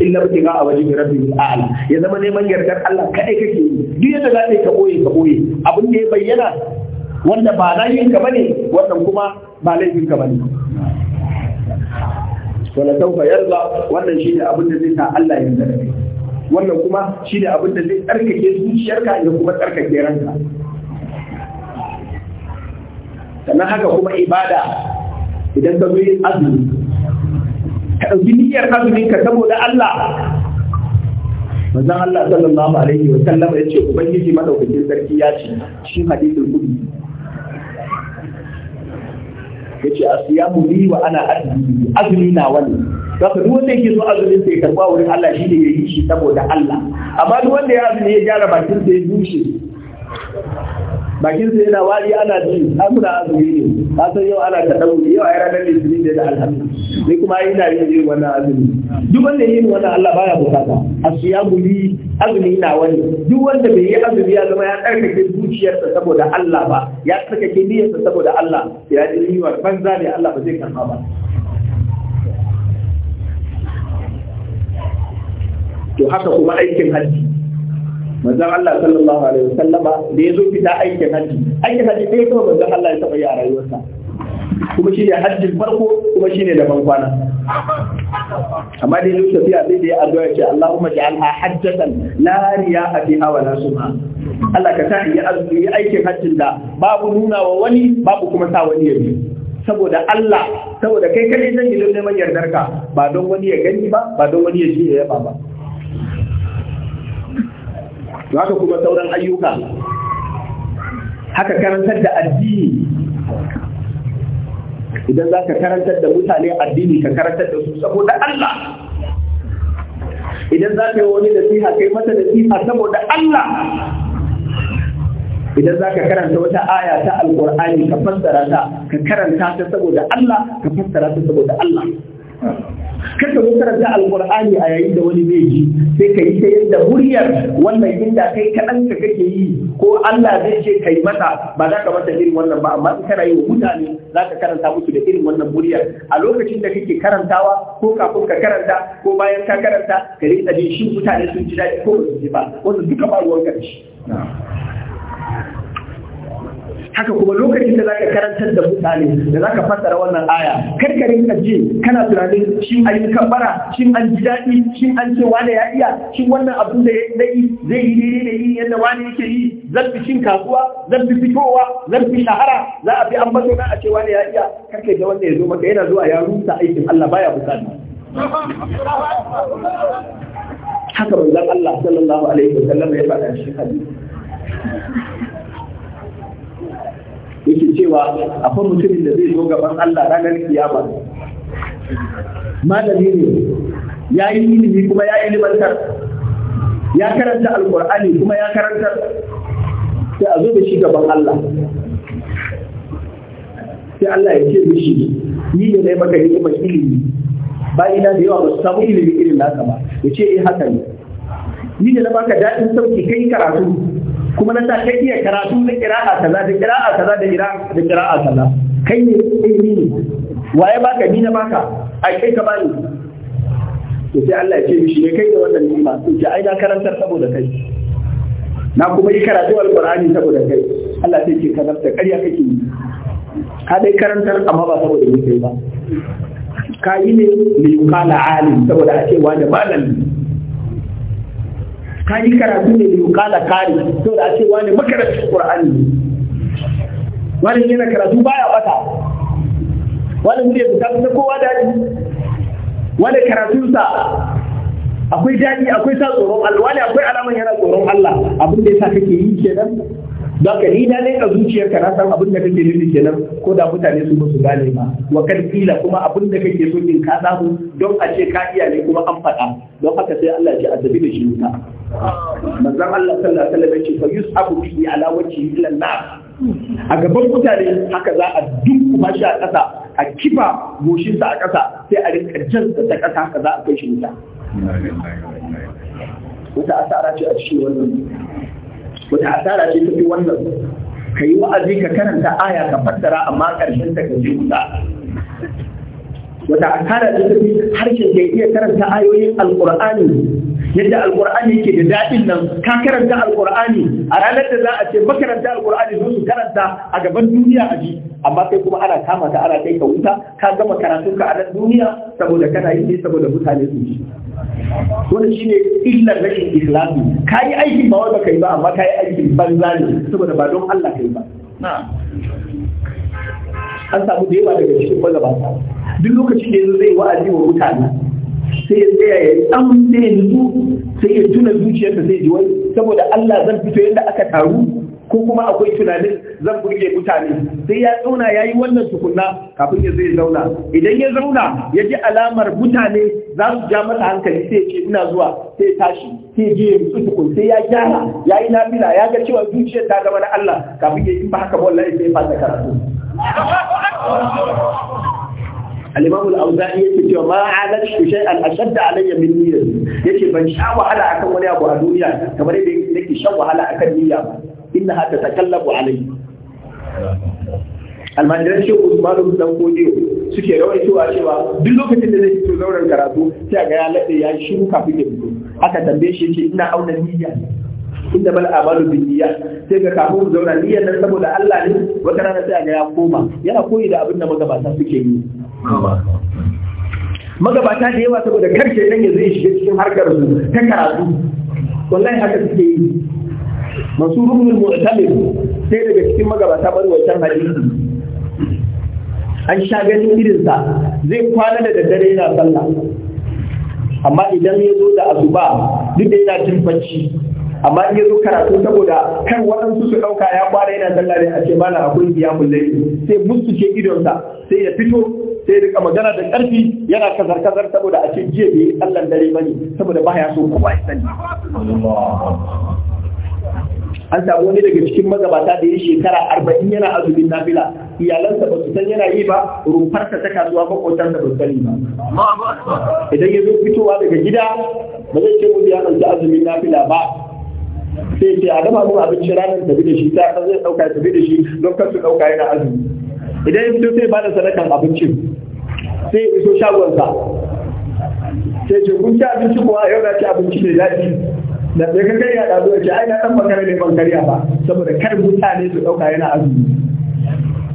illa butiga a wajen rabbi ala ya zama neman yardar Allah kadai kake yi duk yadda za ka boye ka boye abin da ya bayyana wanda ba layinka ba ne wannan kuma ba laifinka ba ne wala taufa yarda wannan shi ne abin da zai sa Allah ya yarda wannan kuma shi ne abin da zai tsarkake zuciyarka ya kuma tsarkake ranka sannan haka kuma ibada idan ka zo yin azumi ka ɗauki niyyar azumin ka saboda Allah manzon Allah sallallahu alaihi wa sallam ya ce ubangiji madaukakin sarki ya ce shi hadisul qudsi yace asiyamu li wa ana azmi azmi na wani saka duk wanda yake so azumin sai karba wurin Allah shi ne ya yi shi saboda Allah amma duk wanda ya azumi ya gyara bakin sa ya bushe bakin sai yana wari ana ji an muna azumi ne ka san yau ana ta dauri yau ai ranar litinin da alhamdu ni kuma ai ina yin yi wannan azumi duk wanda yin wannan Allah baya bukata asiyamu li azumi na wani duk wanda bai yi azumi ya zama ya tsarkake zuciyarsa saboda Allah ba ya tsarkake niyyarsa saboda Allah ya ji wa banza ne Allah ba zai karba ba to haka kuma aikin hajji manzon Allah sallallahu alaihi wasallama da ya zo fita aikin haji aikin haji ɗaya kawai manzon Allah ya taɓa yi a rayuwarsa kuma shine hajjin farko kuma shine da ban kwana amma dai yau tafiya sai da ya addu'a ce Allahumma ja'alha hajjatan la riya'a fiha wa la sum'a Allah ka sa yi azumi aikin hajjin da babu nuna wa wani babu kuma sa wani ya saboda Allah saboda kai kadai zan yi don neman yardarka ba don wani ya gani ba ba don wani ya ji ya yaba ba haka kuma sauran ayyuka haka karantar da addini idan za ka karantar da mutane addini ka karantar da su saboda Allah idan za ka yi wani siha kai mata siha saboda Allah idan za ka karanta wata aya ta alkur'ani ka fassara ta ka karanta ta saboda Allah ka fassara ta saboda Allah Ka zo karanta alqur'ani a yayin da wani zai ji sai ka yi ta yadda muryar wannan inda kai kaɗan ka kake yi ko Allah zai ce kai mata ba za ka mata irin wannan ba amma in kana yi wa mutane za ka karanta musu da irin wannan muryar a lokacin da kake karantawa ko kafin ka karanta ko bayan ka karanta ka rinka jin shi mutane sun ji daɗi ko ba su ba wanda duka ba ruwan ka shi haka kuma lokacin da zaka karantar da mutane da zaka fassara wannan aya kar ka ji kana tunanin shin a yi kabbara shin an ji daɗi shin an ce wani ya iya shin wannan abin da ya yi zai yi dai da yi yadda wani yake yi zan fi shin kasuwa zan fi fitowa zan fi shahara za a fi an bato na a ce wani ya iya kar ka wanda ya zo maka yana zuwa ya rusa aikin Allah baya bukata haka manzon Allah sallallahu alaihi wasallam ya faɗa shi hadisi yake cewa akwai mutumin da zai zo gaban Allah ranar kiyama malami ne ya yi ilimi kuma ya ilimantar ya karanta alkur'ani kuma ya karantar sai a zo da shi gaban Allah sai Allah ya ce mishi ni da na maka hikimar ilimi bayina da yawa ba su samu ilimi irin naka ba ya ce eh haka ne ni da na baka daɗin sauki kai karatu kuma na sa ka iya karatu da kira'a kaza da kira'a kaza da kira'a da kira'a kaza kai ne ilimi ne waye baka ni na baka ai kai ka bani to sai Allah ya ce mishi ne kai da wannan nima? to ce ai na karantar saboda kai na kuma yi karatu alqur'ani saboda kai Allah sai ce ka zarta ƙarya kake yi ka dai karantar amma ba saboda ni kai ba ka yi ne li yuqala alim saboda a ce wani malami ka yi karatu ne da kala kare to da ce wani makarantar qur'ani wani yana karatu baya bata wani zai fita ta kowa daji wani sa akwai daɗi akwai sa tsoron Allah wani akwai alaman yana tsoron Allah abin da yasa kake yi kenan don ka ni ne a zuciyarka na san abin da kake nufi kenan ko da mutane su su gane ba wa kila kuma abin da kake so in ka samu don a ce ka iya ne kuma an faɗa don haka sai Allah ya azabi da shi wuta manzon Allah sallallahu alaihi wasallam ya ce fa yusabu bihi ala wajhi ila nar a gaban mutane haka za a duk kuma shi a ƙasa a kifa sa a ƙasa sai a rinka jansa ta ƙasa haka za a kai shi wuta wata asara ce a cikin wannan wata asara ce fi wannan ka yi wa'azi ka karanta aya ka fassara amma ƙarshen ta ka ji wuta wata asara da tafi harshen da iya karanta ayoyin alqur'ani yadda alkur'ani yake da daɗin nan ka karanta alkur'ani a ranar da za a ce makaranta alkur'ani zo su karanta a gaban duniya a ji amma sai kuma ana kama ta ana kai ka wuta ka gama karatun ka a nan duniya saboda kana yi ne saboda mutane su ji wanda shine illar rashin islami ka yi aikin ba wanda yi ba amma ka yi aikin banza ne saboda ba don Allah yi ba an samu da yawa daga cikin magabata duk lokacin da yanzu zai wa'azi wa mutane sai ya tsaya ya tsamu sai ya nutsu sai ya tuna zuciyarsa zai ji wai saboda Allah zan fito yadda aka taru ko kuma akwai tunanin zan burge mutane sai ya zauna ya yi wannan tukunna kafin ya zai zauna idan ya zauna ya ji alamar mutane za su ja masa hankali sai ya ce ina zuwa sai ya tashi sai ya je ya mutu tukun sai ya gyara ya yi nafila ya ga cewa zuciyar ta zama na Allah kafin ya yi ba haka wallahi sai ya fasa karatu al-imam al-auza'i yake cewa ma alat shay al-ashadd alayya min yake ban sha wahala akan wani abu a duniya kamar yadda yake shan wahala akan niyya ba inna hatta takallabu alayhi almajiran shi Usman ibn dan Kodiyo suke rawaitowa cewa duk lokacin da zai fito zauren karatu sai ga ya lade ya shiru kafin ya fito aka tambaye shi yace ina auna niyya inda bal amalu bin niyya sai ga kafin mu zauna niyyar nan saboda Allah ne wata rana sai ga ya koma yana koyi da abin da magabata suke yi magabata da yawa saboda karshe dan yanzu shiga cikin harkar su ta karatu wallahi haka suke yi masu rubun sai daga cikin magabata bar wancan hadisi an sha ganin sa, zai kwana da daddare yana sallah amma idan ya zo da asuba duk da yana cin bacci amma in zo karatu saboda kan waɗansu su ɗauka ya kware yana sallah ne a ce mana akwai biya mullai sai musu ce idonsa sai ya fito sai ya rika magana da ƙarfi yana kazar kazar saboda a ce jiya bai Allah dare bane saboda ya so kowa ya sani an samu wani daga cikin magabata da ya shekara arba'in yana azumin nafila iyalansa ba su san yana yi ba rumfarsa ta kasuwa ba ba da sani ba idan ya zo fitowa daga gida ba zai ce mu ya ɗauki azumin nafila ba sai ce a dafa kuma abinci ranar tafi da shi ta zai dauka tafi da shi don kar su dauka yana azumi idan ya fito sai ba da sadakan abincin sai iso shagonsa sai ce kun ci abinci kuwa yau na ci abinci mai daɗi da bai ka karya da zuwa ce ai na dan makara ne ban karya ba saboda kar mutane su dauka yana azumi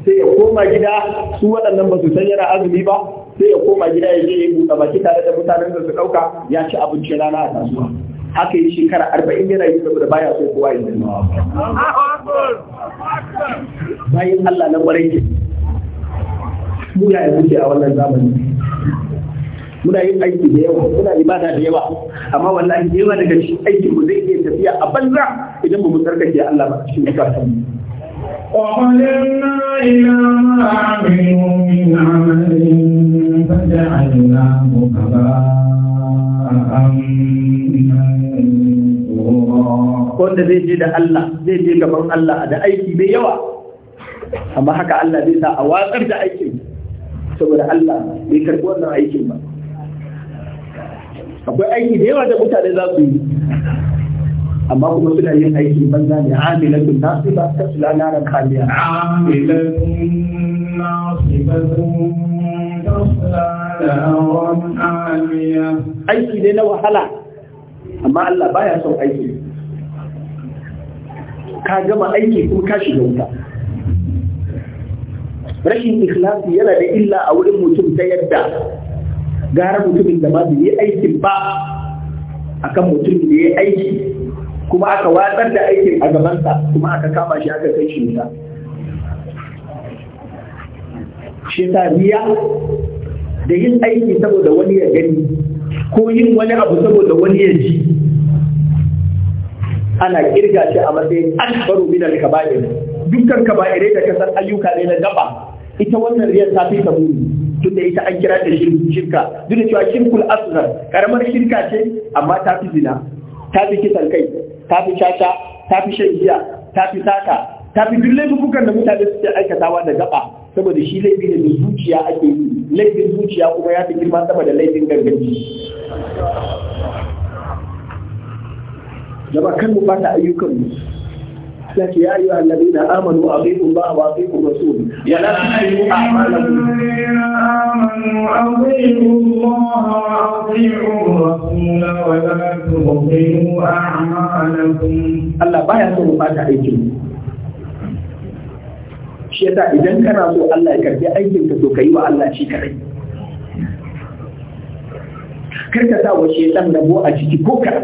sai ya koma gida su waɗannan ba su san yana azumi ba sai ya koma gida ya je ya buɗe baki tare da mutanen da su dauka ya ci abinci rana a kasuwa haka yi shekara arba'in yana yi saboda baya so kowa yin zama bayan Allah na ƙwarai ke mu ya kuke a wannan zamani muna yin aiki da yawa muna ibada da yawa amma wallahi da yawa daga cikin aikin mu zai iya tafiya a banza idan ba mu tsarkake Allah ba cikin zukatan mu وقدمنا إلى ما عملوا من عمل فجعلناه هباء منثورا akwai wanda zai je da Allah zai je gaban Allah da aiki mai yawa amma haka Allah zai sa a watsar da aikin saboda Allah bai karɓi wannan aikin ba akwai aiki da yawa da mutane za su yi amma kuma suna yin aiki banza ne amilatun ba ta sula naran kamiya amilatun nasibatun aiki ne na wahala amma Allah baya son aiki ka gama aiki kuma ka shiga wuta rashin ikhlasi yana da illa a wurin mutum ta yadda gara mutumin da ba bai yi aikin ba kan mutum da ya aiki kuma aka watsar da aikin a gabansa kuma aka kama shi aka kai shi wuta shi ta riya da yin aiki saboda wani ya gani ko yin wani abu saboda wani ya ji ana kirga shi a matsayin baro bi da kabair dukkan kaba'irai da kasar ayyuka ne na gaba ita wannan riyar ta fi tun tunda ita an kira ta shirka duk da cewa shirkul asghar karamar shirka ce amma ta fi zina ta fi kisan kai ta fi caca ta fi shan giya ta fi saka ta fi duk laifukan da mutane suke aikatawa da gaba saboda shi laifi ne da zuciya ake yi laifin zuciya kuma ya fi girma sama da laifin ganganci da kan ba ta ayyukan ya yi annabi da amanu a bi kun ba a wafi ku ba su ya la a mala na Allah ba ya so mu ba ya sa idan kana so Allah ya karfi aikin ka yi wa Allah shi Kar ka sa wa shi ya tsanabo a ciki ko ka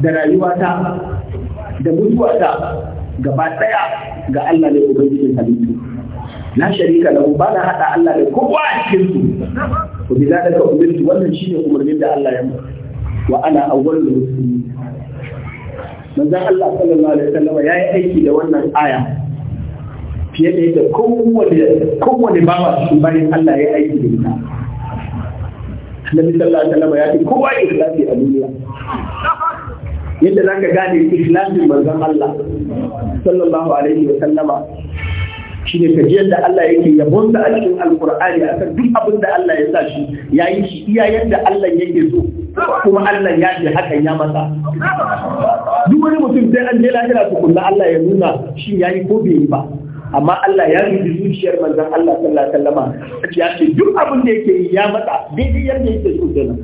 da rayuwata da mutuwata gaba ɗaya ga Allah ne ubangijin halittu na sharika lahu ba na haɗa Allah da kowa a cikin su ku bi za ka umirtu wannan ne umarnin da Allah ya mu wa ana awwalul muslimin manzon Allah sallallahu alaihi wasallam yayi aiki da wannan aya fiye da yadda kowane kowane bawa shi bayan Allah ya aiki da ita Nabi sallallahu alaihi wasallam ya ce kowa ya ikhlasi a duniya yadda za ka gane islamin manzan Allah sallallahu alaihi wa sallama shi ne ka yadda Allah yake yabon da a cikin alkur'ani a kan duk abin da Allah ya sa shi ya yi shi iya yadda Allah yake so kuma Allah ya ce hakan ya masa duk wani mutum sai an je lahira kulla Allah ya nuna shi ya yi ko bai ba amma Allah ya rubi zuciyar manzon Allah sallallahu alaihi wasallama ya ce duk abin da yake yi ya masa daidai yadda yake so kenan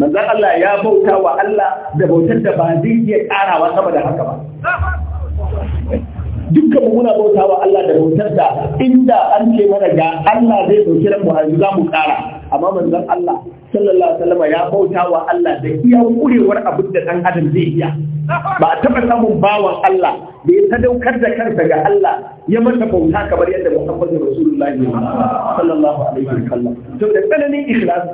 manzan Allah ya bauta wa Allah da bautar da ba zai iya karawa sama da haka ba dukkan mu muna bauta wa Allah da bautar da inda an ce mana ga Allah zai dauki ran mu za mu kara amma manzan Allah sallallahu alaihi wasallam ya bauta wa Allah da iya kurewar abin da dan adam zai iya ba a taba samun bawan Allah da ya sadaukar da kansa ga Allah ya mata bauta kamar yadda Muhammadu Rasulullahi sallallahu alaihi wasallam to da tsananin ikhlas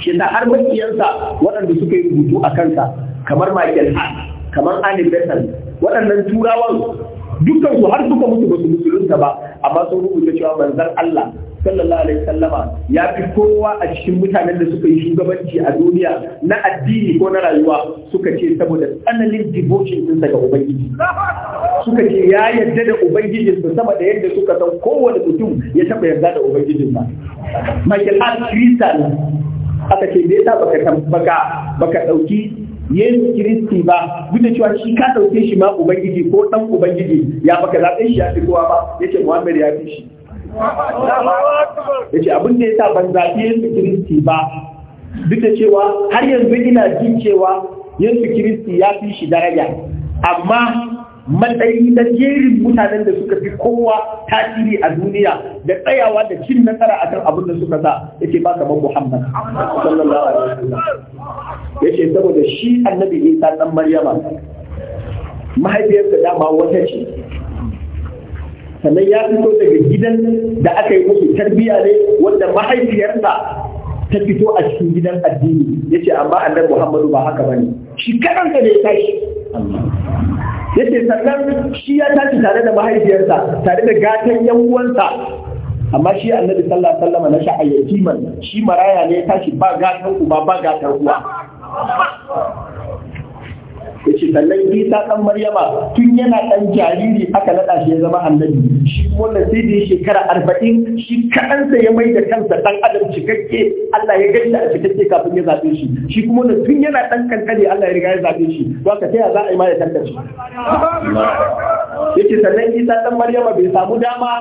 shi da har makiyansa waɗanda suka yi rubutu a kansa kamar Michael Hart kamar Annie Bessel waɗannan turawan dukkan su har suka mutu ba su musulunta ba amma sun rubuta cewa manzon Allah sallallahu alaihi sallama ya fi kowa a cikin mutanen da suka yi shugabanci a duniya na addini ko na rayuwa suka ce saboda tsananin devotion din daga ubangiji suka ce ya yadda da Ubangiji su sama da yadda suka san kowane mutum ya taba yarda da ubangijin ba. Michael Hart Christian aka ce bai sa baka baka baka dauki Yesu Kiristi ba duk da cewa shi ka dauke shi ma ubangiji ko dan ubangiji ya baka zaɓe shi ya fi kowa ba yace Muhammad ya fi shi yace abin da yasa ban zaɓi Yesu Kiristi ba duk da cewa har yanzu ina jin cewa Yesu Kiristi ya fi shi daraja amma matsayi na jerin mutanen da suka fi kowa tasiri a duniya da tsayawa da cin nasara akan abin da suka sa yake ba kamar Muhammad sallallahu alaihi wasallam yace saboda shi annabi Isa dan Maryama mahaifiyarsa dama wata ce sannan ya fito daga gidan da aka yi musu tarbiyya ne wanda mahaifiyarsa ta fito a cikin gidan addini yace amma annabi Muhammadu ba haka bane shi kananka ne ya tashi yake sannan shi ya tashi tare da mahaifiyarsa tare da gatan yan uwansa amma shi annabi sallallahu alaihi wasallam na sha'ayyati man shi maraya ne ya tashi ba gatan uba ba gatan uwa yace sannan Isa dan Maryama tun yana dan jariri aka nada shi ya zama annabi shi wannan sai da shekara arba'in, shi kaɗansa ya mai da kansa ɗan adam cikakke Allah ya gaida a cikakke kafin ya zabe shi shi kuma wannan tun yana dan kankare Allah ya riga ya zabe shi to aka sai za a yi ma ya tantance yace sannan Isa dan Maryama bai samu dama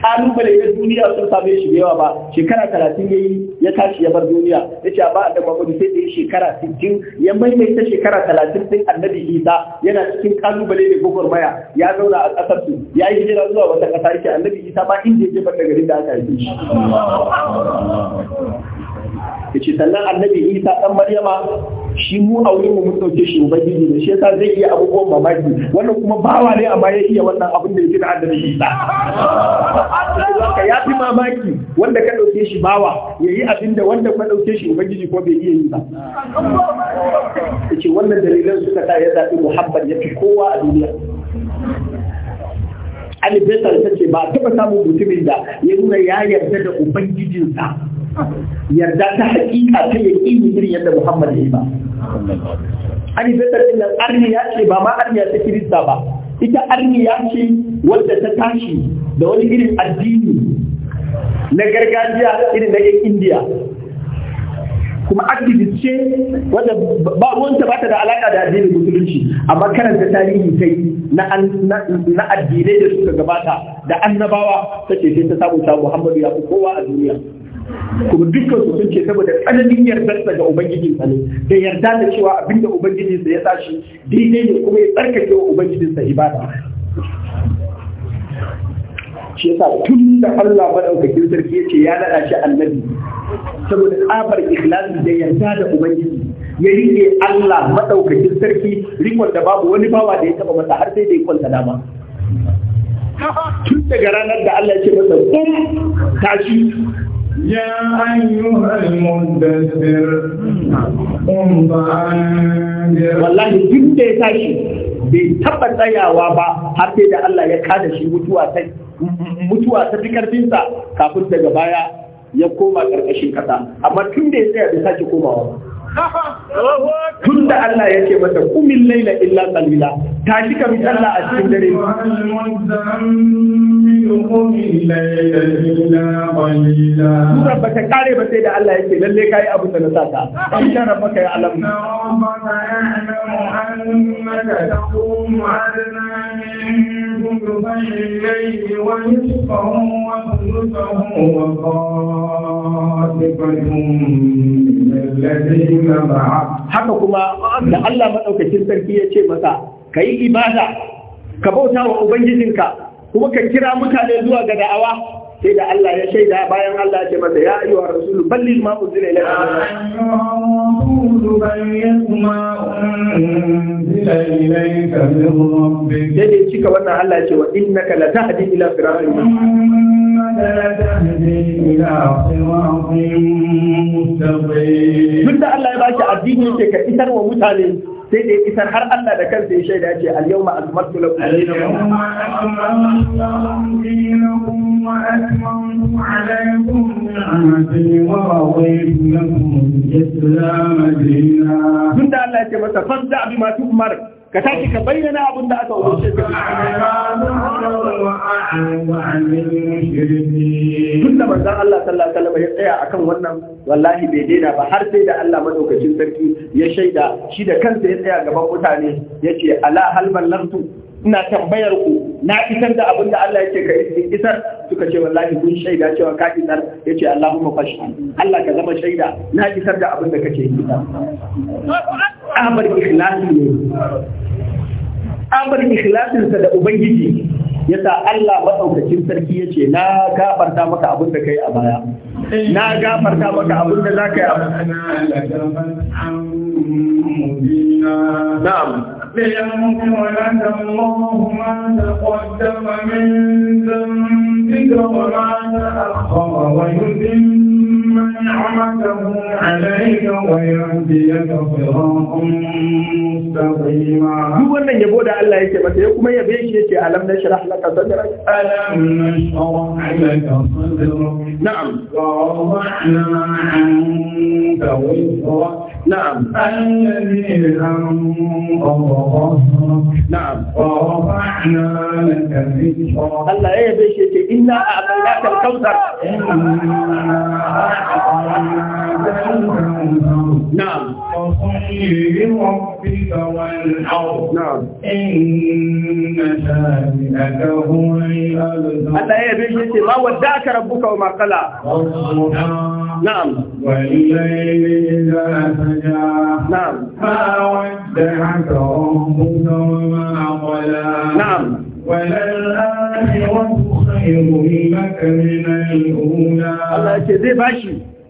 kalubale na duniya sun same shi yawa ba shekara talatin ya yi ya tashi ya bar duniya ya ce ba da mamadu sai da shekara sittin ya maimaita shekara talatin din annabi isa yana cikin kalubale da gwagwarmaya ya zauna a ƙasar su ya yi hijira zuwa wata ƙasa yake annabi isa ba inda ya je ba garin da aka yi. shi ya ce sannan annabi isa ɗan maryama shi mu a wurin mu dauke shi ubangiji ne shi yasa zai iya abubuwan mamaki wannan kuma bawa ne amma ya iya wannan abin da yake da shi Isa ka ya fi mamaki wanda ka dauke shi bawa yayi abin da wanda ka dauke shi ubangiji ko bai iya yi ba yace wannan dalilan suka sa ya zabi Muhammad ya fi kowa a duniya alifesar ta ce ba taba samun mutumin da ya nuna ya yarda da ubangijinsa yarda ta haƙiƙa ta yaƙini irin yadda muhammad ya yi ba alifesar ɗin nan arniya ce ba ma arniya ta kirista ba ita arniya ce wadda ta tashi da wani irin addini na gargajiya irin na yan indiya kuma activist ce wanda ba ruwanta ba ta da alaƙa da addinin musulunci amma karanta tarihi sai na addinai da suka gabata da annabawa take sai ta samu ta Muhammadu ya fi kowa a duniya kuma dukkan su sun ce saboda tsananin yardar daga ubangijin sa ne da yarda da cewa abinda ubangijin sa ya sashi daidai ne kuma ya tsarkake wa ubangijin sa ibada shi yasa tun da Allah madaukakin sarki ya ce ya nada shi annabi saboda tsabar ikhlasi da yarda da ubangiji ya rike Allah madaukakin sarki rikon da babu wani bawa da ya taba masa har sai da ya kwanta dama tun daga ranar da Allah ya ce masa kun tashi يا أيها المدثر قم فأنذر والله جدا tashi bai taba tsayawa ba har sai da Allah ya kada shi mutuwa ta mutuwa ta kafin daga baya ya koma ƙarƙashin ƙasa amma tun da ya tsaya ta sake komawa tun da Allah ya ce masa kumin laila illa qalila ta shi ka bi Allah a cikin dare Sura ba ta kare ba sai da Allah ya ce lalle ka yi abin da na sa ta ba mu shara maka ya alamu haka kuma da Allah maɗaukacin sarki ya ce masa ka yi ibada ka bauta wa Ubangijinka kuma ka kira mutane zuwa ga da'awa sai da Allah ya shaida bayan Allah ya ce masa ya ayyuha rasulu balli ma unzila ilayka ya cika wannan Allah ya ce wa innaka la tahdi ila mustaqim Allah ya baki addini ce ka isar wa mutane sai da ya isar har Allah da kansa ya shaida ce al-yawma akmaltu lakum dinakum wa atmamtu alaykum ni'mati wa raditu lakum al-islam dinan tunda Allah ya ce masa fasda bi ma tu'mar ka tashi ka bayyana abin da aka umarce ka tun da manzon Allah sallallahu alaihi wasallam ya tsaya akan wannan wallahi bai daina ba har sai da Allah madaukakin sarki ya shaida shi da kansa ya tsaya gaban mutane yace ala hal ballantu ina tambayar ku na isar da abin da Allah yake ka isar suka ce wallahi kun shaida cewa ka isar yace Allahumma fashi Allah ka zama shaida na isar da abin da kake yi amar ikhlasin ne amar ikhlasin sa da ubangiji yasa Allah maɗaukakin sarki ya ce na gafarta maka abin da kai a baya na gafarta maka abin da za a baya Duk wannan yabo da Allah yake masa ya kuma yabe shi yake alam na shirah na لك صدرك ألم نشرح لك صدرك نعم ووضعنا عنك وزرك نعم الذي أنقض ظهرك نعم ورفعنا لك ذكرك الله إيه بشيء إنا أعطيناك الكوثر إنا أعطيناك نعم فصل لربك والحر نعم إن شانئك هو الأبتر الله يبيش ما ودعك ربك وما قلع نعم والليل إذا سجى نعم ما ودعك ربك وما قلع نعم وللآخرة خير لك من الأولى الله يجزي باشي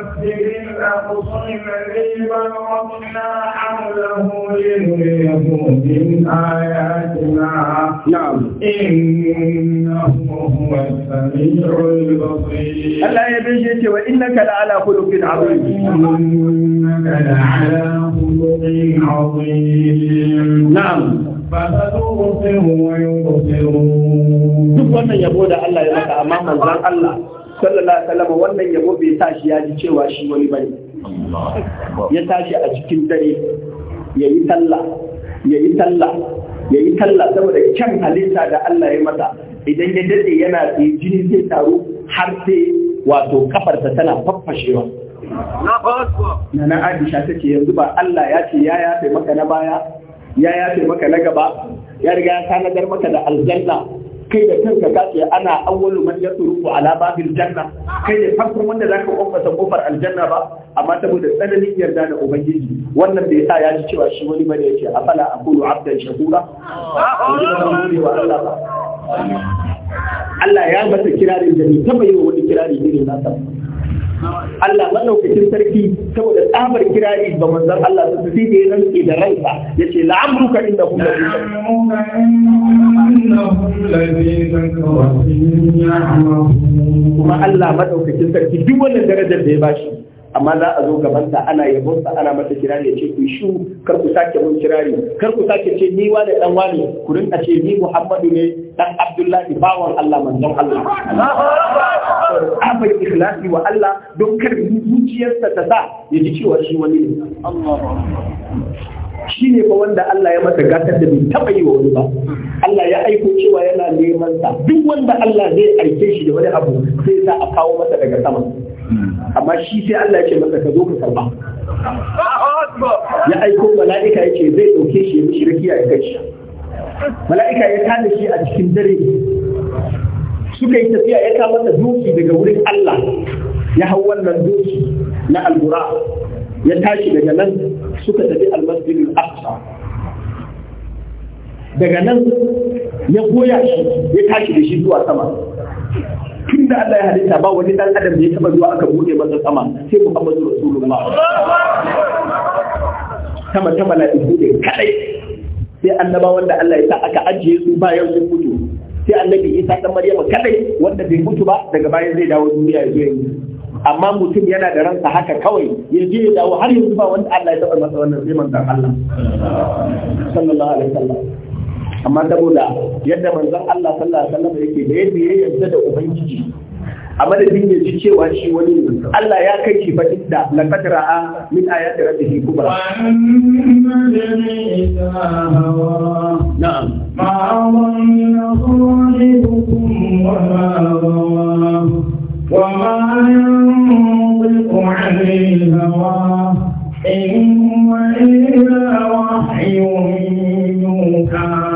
المسجد الأقصى الذي باركنا حوله لنريه من آياتنا نعم إنه هو السميع البصير الله يبيجي وإنك لعلى خلق عظيم إنك لعلى خلق عظيم نعم فستبصر ويبصرون duk wannan يقول da Allah أمام الله amma sallallahu alaihi wasallam wannan yabo bai tashi ya ji cewa shi wani bane ya tashi a cikin dare yayi sallah yayi talla yayi talla saboda kyan halitta da Allah ya mata idan ya dade yana tsaye jini zai taru har sai wato kafarsa tana faffashewa na na Aisha ta yanzu ba Allah ya ce ya yafe maka na baya ya yafe maka na gaba ya riga ya tanadar maka da aljanna kai da kanka ka ana awwalu man yasrufu ala babil janna kai da farkon wanda zaka kofata kofar aljanna ba amma saboda tsananin yarda da ubangiji wannan bai sa ya ji cewa shi wani bane yake afala aqulu abdan shakura Allah ya masa kirarin da ni taba yi wa wani kirari irin nasa Allah madaukakin sarki saboda tsabar kirari ga manzon Allah su sai da ya ke da ya yace la'amruka inda hum la kuma Allah madaukakin sarki duk wannan darajar da ya bashi amma za a zo gabanta ana yabonsa ana masa kirari ya ce ku shu kar ku sake mun kirari kar ku sake ce ni wani dan wani ku rinka ce ni Muhammadu ne dan Abdullahi bawan Allah manzon Allah abai ikhlasi wa Allah don kar zuciyarsa ta sa ya ji cewa shi wani ne shi ne fa wanda Allah ya masa gatar da bai taɓa yi wa wani ba Allah ya aiko cewa yana neman sa duk wanda Allah zai aike shi da wani abu sai za a kawo masa daga sama amma shi sai Allah ya ce masa ka zo ka karba ya aiko mala'ika ya ce zai ɗauke shi ya mishi rakiya ya kai shi mala'ika ya tada shi a cikin dare suka yi tafiya ya kama da doki daga wurin Allah ya hau wannan doki na albura ya tashi daga nan suka tafi almasjid al-aqsa daga nan ya goya shi ya tashi da shi zuwa sama tun da Allah ya halitta ba wani dan adam da ya taba zuwa aka buɗe masa sama sai Muhammadu Rasulullah sama ta mala'iku buɗe kadai sai annaba wanda Allah ya sa aka ajiye su bayan sun mutu sai annabi Isa dan Maryama kadai wanda bai mutu ba daga bayan zai dawo duniya ya zo yanzu amma mutum yana da ransa haka kawai ya je ya dawo har yanzu ba wanda Allah ya taba masa wannan sai manzon Allah sallallahu alaihi wasallam amma saboda yadda manzon Allah sallallahu alaihi wasallam yake da yadda ya yarda da ubangiji a madadin ya ci cewa shi wani Allah ya kai shi faɗi da laqad a min ayati rabbihi kubra na'am ma إن إلا وحي يوحى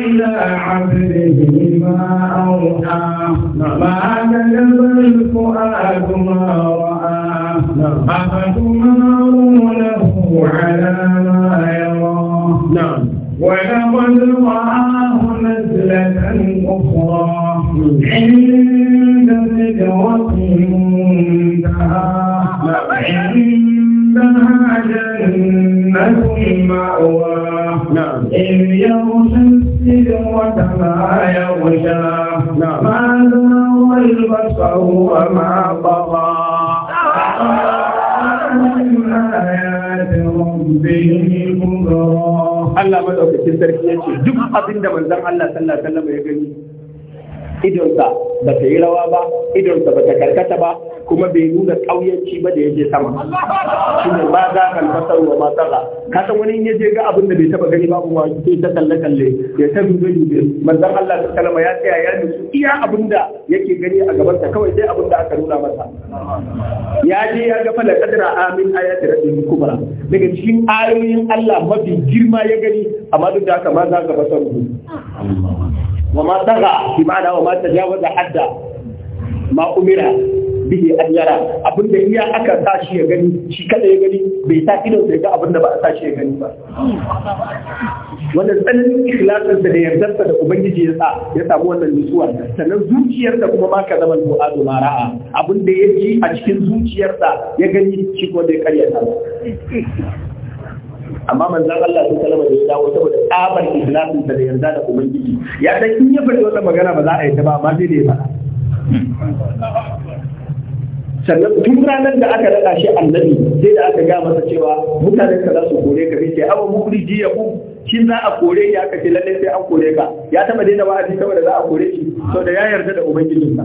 إلى عبده ما أوحى ما كذب الفؤاد ما رأى أفتمارونه على ما يرى نعم. ولقد رآه نزلة أخرى عند سدرة المنتهى عندها جنة المأوى نعم. إذ يغشى مسجد wata يغشى ما زموا البصر وما طغى من آيات Allah madaukakin sarki ya duk abin da manzon Allah sallallahu alaihi wasallam ya gani idonsa ba ta yi rawa ba idonsa ba ta karkata ba kuma bai nuna kauyanci ba da yake sama. shi ne ba za ka fasa wa matsala ka san wani yaje ga abin da bai taba gani ba kuma sai ta kalle kalle ya ta dube dube manzon Allah Ta sallama ya tsaya ya nutsu iya abin da yake gani a gaban ta kawai sai abin da aka nuna masa ya je ya ga fala kadra amin ayati rabbil kubra daga cikin ayoyin Allah mafi girma ya gani amma duk da haka ma za ka fasa Allah وما طغى بمعنى وما تجاوز حدا ما أمر bihe an yara abinda iya aka sa shi ya gani shi kada ya gani bai sa idon sai ga abinda ba a tashi ya gani ba wannan tsananin ikhlasin da da yardarsa da ubangiji ya sa ya samu wannan nutsuwa sannan zuciyar da kuma maka zama du'a da mara'a abinda ya ji a cikin zuciyarsa ya gani shi ko da ya karyata amma manzan Allah sun kalama da ya dawo saboda tsabar ikhlasin da yarda da ubangiji ya dan in ya faɗi wannan magana ba za a yi ta ba amma sai da ya faɗa sannan tun ranar da aka raka shi annabi sai da aka ga masa cewa mutanen ka za su kore ka sai awa mukriji ya ku shi za a kore ya ka ce lalle sai an kore ka ya taɓa daina wa'azi saboda za a kore shi saboda ya yarda da sa.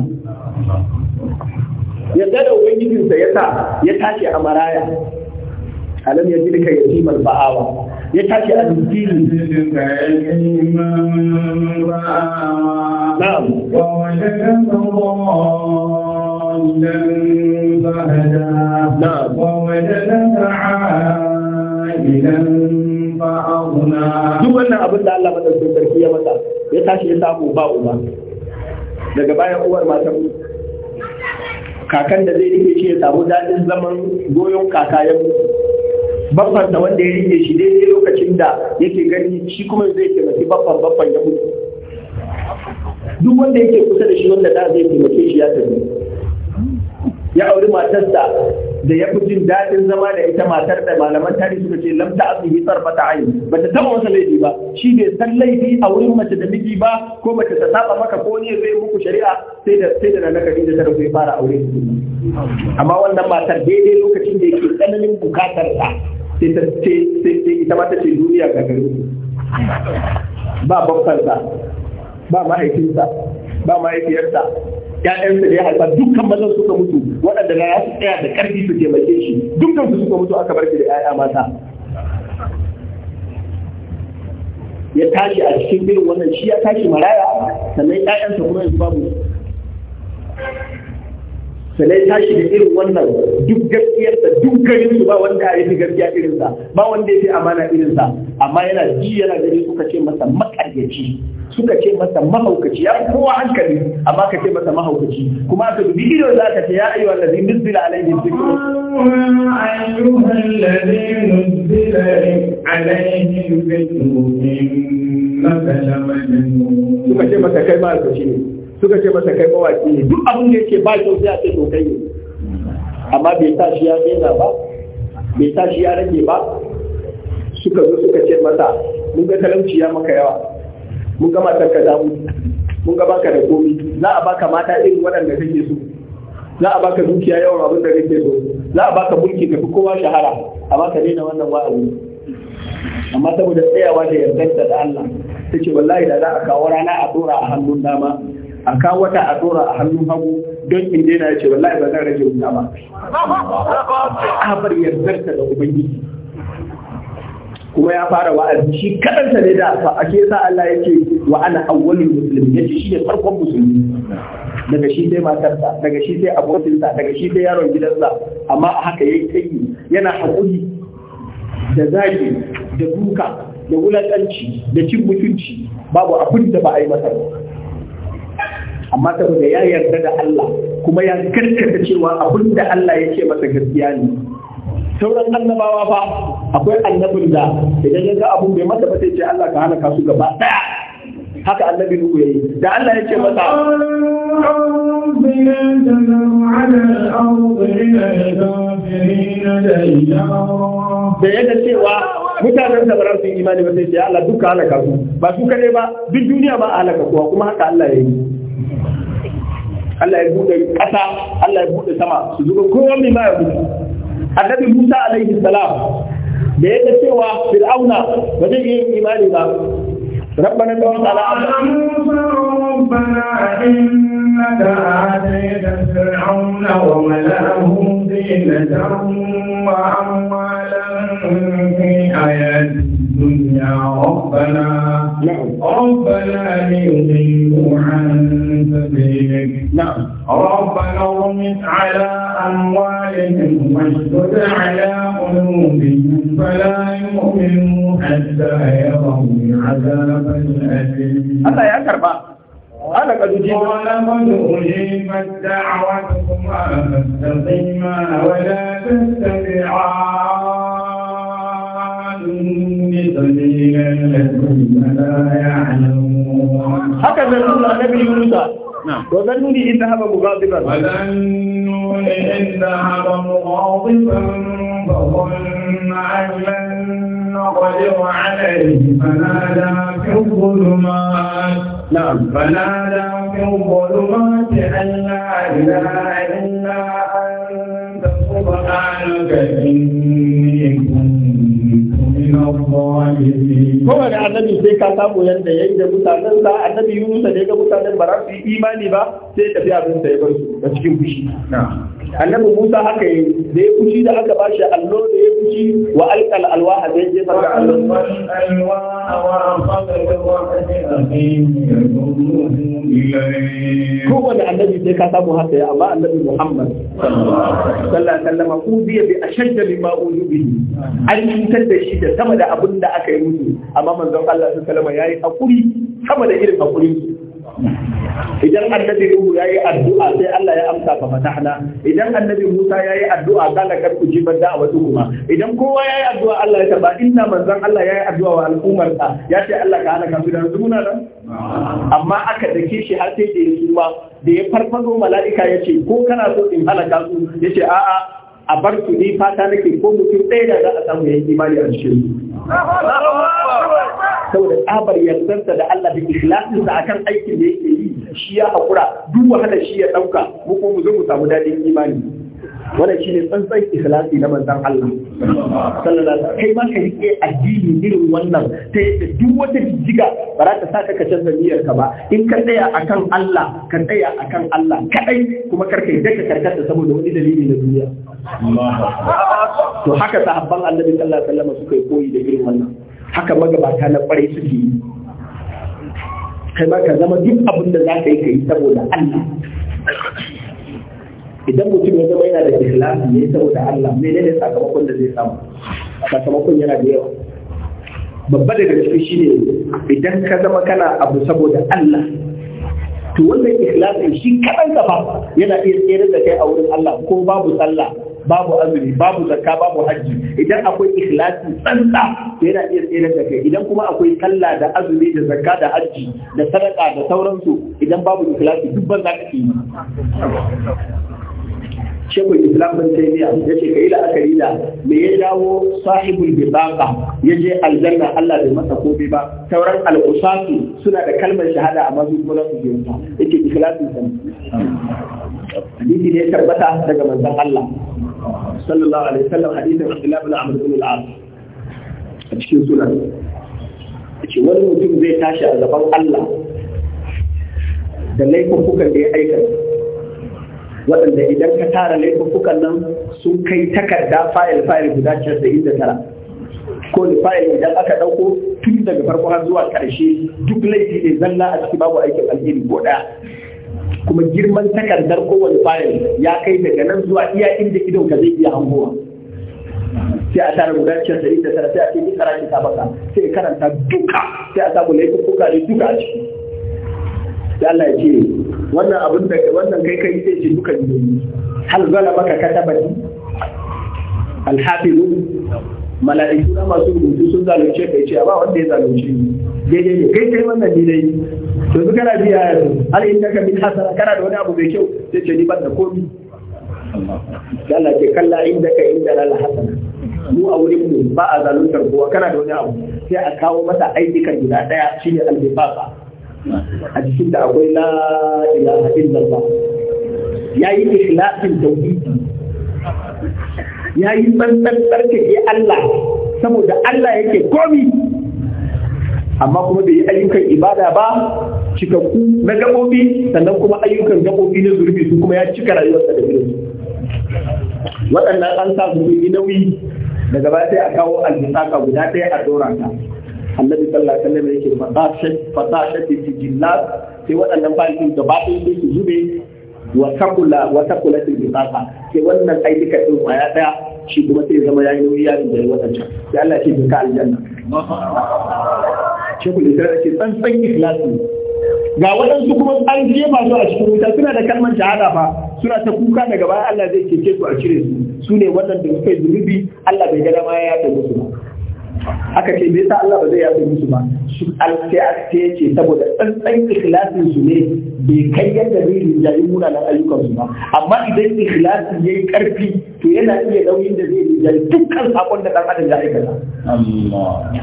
yarda da ubangijinsa ya sa ya tashi a maraya alam ya jirka ya fi ba'awa ya tashi a dukkan na'am نعم ووجدك عائلا فأغنى duk wannan abin da Allah madaukakin sarki ya masa ya tashi ya samu ba uba daga bayan uwar matan kakan da zai rike shi ya samu dadin zaman goyon kaka ya da wanda ya rike shi daidai lokacin da yake gani shi kuma zai taimaki babban babban ya mutu duk wanda yake kusa da shi wanda da zai taimake shi ya tafi ya auri matarsa da ya fi jin daɗin zama da ita matar da malaman tarihi suka ce lamta asu bi tsarfata ayi ba ta taɓa wata laifi ba shi bai san laifi a wurin mace da miji ba ko mace ta saba maka ko ne zai muku shari'a sai da sai da na kadi da ta ya fara aure amma wannan matar daidai lokacin da yake tsananin bukatar ta sai ce ita ma ta ce duniya ga gare ba babbansa ba mahaifinsa ba mahaifiyarsa ‘ya'yansa da ya haifa dukkan mazan suka mutu waɗanda na ya su tsaya da ƙarfi su taimake shi dukkan su suka mutu aka bar shi da ‘ya'ya mata ya tashi a cikin irin wannan shi ya tashi maraya sannan ‘ya'yansa kuma yanzu babu sai tashi da irin wannan duk gaskiyar da duk garin su ba wanda ya fi gaskiya irin sa ba wanda ya fi amana irin sa amma yana ji yana gari suka ce masa makaryaci suka ce masa mahaukaci ya kowa hankali amma ka ce masa mahaukaci kuma aka dubi ido za ka ce ya ayyuha allazi nuzila alayhi dhikru ayyuha allazi nuzila alayhi dhikru suka ce masa kai mahaukaci ne suka ce masa kai mawaki ne duk abin da yake ba shi sai a ce to kai ne amma bai sa shi ya daina ba bai sa shi ya rage ba suka zo suka ce masa mun ga talauci ya maka yawa mun ga matar ka damu mun ga baka da komi za a baka mata irin waɗanda kake so za a baka dukiya yawan abin da kake so za a baka mulki ka fi kowa shahara a baka daina wannan wa'azi amma saboda tsayawa da yardar da Allah ta ce wallahi da za a kawo rana a dora a hannun dama a kawo wata a dora a hannun hagu don in daina ya ce wallahi ba zan rage wuta ba kabar yardarta da ubangiji kuma ya fara wa'azi shi kadanta ne da fa ke sa Allah yake wa ana awwalul muslimin yace shi ne farkon musulmi daga shi sai matarsa daga shi sai abokinsa daga shi sai yaron gidansa amma a haka yayi kai yana haƙuri da zagi da duka da wulakanci da cin mutunci babu abin da ba a yi masa amma saboda ya yarda da Allah kuma ya karkata cewa abin da Allah ya ce masa gaskiya ne sauran annabawa fa akwai annabin da idan ya ga abun bai masa ba sai ce Allah ka halaka su gaba daya haka annabi Nuhu yayi da Allah ya ce masa da yadda cewa mutanen da ba su imani ba sai ce Allah duka halaka su ba su kare ba duk duniya ba halaka kuwa kuma haka Allah yayi Allah ya buɗe ƙasa Allah ya sama su zuba kowa mai ma ya bude annabi Musa alaihi salam da yake cewa fir'auna ba zai yi imani ba ربنا تولى على موسى ربنا إنك آتيت فرعون وملأه زينة وأموالا في آياتك الدنيا ربنا نعم. ربنا ليضلوا عن سبيلك نعم ربنا اغمس على أموالهم واشدد على قلوبهم فلا يؤمنوا حتى يروا العذاب الأليم قال قد أجيبت دعوتكما فاستقيما ولا تتبعا سبيل الذين لا يعلمون هكذا يقول النبي يونس نعم. إن ذهب مغاضبا وظنوني إن ذهب مغاضبا فظن أن لن نقدر عليه فنادى في الظلمات نعم فنادى في الظلمات أن لا إله إلا أنت سبحانك إني الظالمين هو ده sai ka samu yanda yayi da mutanen sa annabi Yunus da ga mutanen ba su imani ba sai tafi abin sa ya bar su a cikin fushi annabi Musa haka yi da ya fushi da aka ba shi allo da ya fushi wa alƙal alwa da ya jefa da allo kowane annabi sai ka samu haka ya amma annabi Muhammad sallallahu alaihi wasallam uziya bi ashadda ma uzu bihi an cutar da shi da sama da abin da aka yi musu amma manzon Allah salama ya yi hakuri sama da irin hakurin idan annabi Nuhu ya yi addu'a sai Allah ya amsa fa fatahna idan annabi Musa ya yi addu'a kana kar ku jibar wasu kuma idan kowa ya yi addu'a Allah ya taba inna manzon Allah ya yi addu'a wa al'ummar ta ya ce Allah ka halaka su da zumuna nan amma aka dake shi har sai da ya suma da ya farfado mala'ika ya ce ko kana so in halaka su ya ce a'a a bar su ni fata nake ko mutum ɗaya da za a samu yi imani a cikin su saboda tsabar yardarsa da Allah da ikhlasinsa akan aikin da yake yi shi ya haƙura duk wahalar shi ya ɗauka mu ko mu zo mu samu daɗin imani wannan shine tsantsan islasi na manzan Allah sallallahu kai ma ka rike addini irin wannan ta yadda duk wata jijjiga ba za ta saka ka canza niyyar ka ba in ka tsaya akan Allah ka tsaya akan Allah kaɗai kuma karka yi daga karkata saboda wani dalili na duniya to haka sahabban Allah sallallahu alaihi sallama suka yi koyi da irin wannan haka magabata na kwarai suke yi kai ma ka zama duk abin da za ka yi ka yi saboda Allah idan mutum ya zama yana da ikhlasi ne saboda Allah menene sakamakon da zai samu sakamakon yana da yawa babba daga cikin shine idan ka zama kana abu saboda Allah to wannan ikhlasin shi kadan gaba yana iya tsere da kai a wurin Allah ko babu sallah babu azumi babu zakka babu hajji idan akwai ikhlasi tsantsa yana iya tsere da kai idan kuma akwai sallah da azumi da zakka da hajji da sadaka da sauransu idan babu ikhlasi duk ban za ka yi shekul islam bin taymiya yace kai la'akari da me ya jawo sahibul ya je aljanna Allah bai masa komai ba sauran al'usatu suna da kalmar shahada amma su kuma su yi ta yake ikhlasin san hadisi ne ya tabbata daga manzon Allah sallallahu alaihi wasallam hadisin Abdullah bin bin al a cikin sunan yace wani mutum zai tashi a gaban Allah da laifukan da ya aikata waɗanda idan ka tara laifukan nan sun kai takarda fayil fayil guda casa'in da tara ko da fayil idan aka ɗauko tun daga farko har zuwa ƙarshe duk laifi ne zalla a ciki babu aikin alheri ko ɗaya kuma girman takardar kowane fayil ya kai daga nan zuwa iya inda idon ka zai iya hangowa sai a tara guda casa'in da tara sai a ce ni tsara ki sabaka sai karanta duka sai a samu laifukan ne duka a ciki da Allah ce wannan abin da wannan kai kai sai ce duka ne hal maka katabati al hafidu mala'iku na masu rubutu sun zalunce kai ce ba wanda ya zalunce dai daidai ne kai kai wannan ne dai to su kana biya al in ka bin hasara kana da wani abu mai kyau sai ce ni ban da komi Allah ke kalla inda ka inda lal hasana mu a wurin mu ba a zalunta kowa kana da wani abu sai a kawo masa aiki kan guda daya shine al-bifasa a cikin da akwai la ilaha illallah yayi ikhlasin tauhidi yayi tsantsan tsarkake Allah saboda Allah yake komi amma kuma bai yi ayyukan ibada ba cikakku na gabobi sannan kuma ayyukan gabobi na zurbi su kuma ya cika rayuwarsa da gidan waɗannan an sa zurbi nauyi daga ba sai a kawo alhisaka guda ɗaya a ɗora annabi sallallahu alaihi wasallam yake shi fadashat sijillat sai waɗannan fa'idin da ba ɗaya su zube wa takula wa takula til bisaqa sai wannan ai duka din kwaya daya shi kuma sai zama yayi nauyi yarin da wadancan sai Allah ya duka aljanna shi kuma sai san san ikhlasi ga waɗansu kuma an jefa su a cikin wuta suna da kalmar shahada fa suna ta kuka daga baya Allah zai cece su a cire su su ne waɗanda suka yi zunubi Allah bai gada ma ya yafe musu ba aka ce me yasa Allah ba zai yafe musu ba su alfiyace ce saboda tsantsan ikhlasin su ne bai kai yadda zai rinjayi munanan ayyukan su ba amma idan ikhlasin yayi karfi to yana iya dauyin da zai dukkan sakon da ɗan adam ya aikata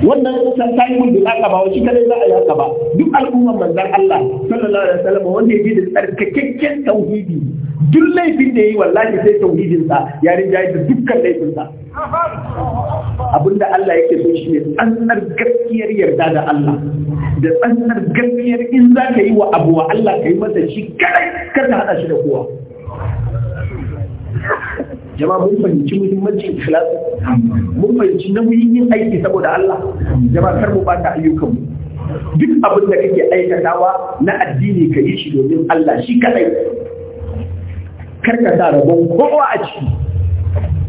wannan sai mun da ka ba shi kadai za a yi haka ba duk al'umman manzon Allah sallallahu alaihi wasallam wanda yake da tsarkakakken tauhidi duk laifin da yayi wallahi sai tauhidin sa ya rinja da dukkan laifin sa abinda Allah yake so shine tsannar gaskiyar yarda da Allah da tsannar gaskiyar in za ka yi wa abu wa Allah ka yi masa shi kadai ka hada shi da kowa jama'a mun fahimci muhimmancin ikhlasi mun fahimci na nauyin yin aiki saboda Allah jama'a kar mu bata ayyukan mu duk abin da kake aikatawa na addini ka yi shi domin Allah shi kadai kar ka sa rabon kowa a ciki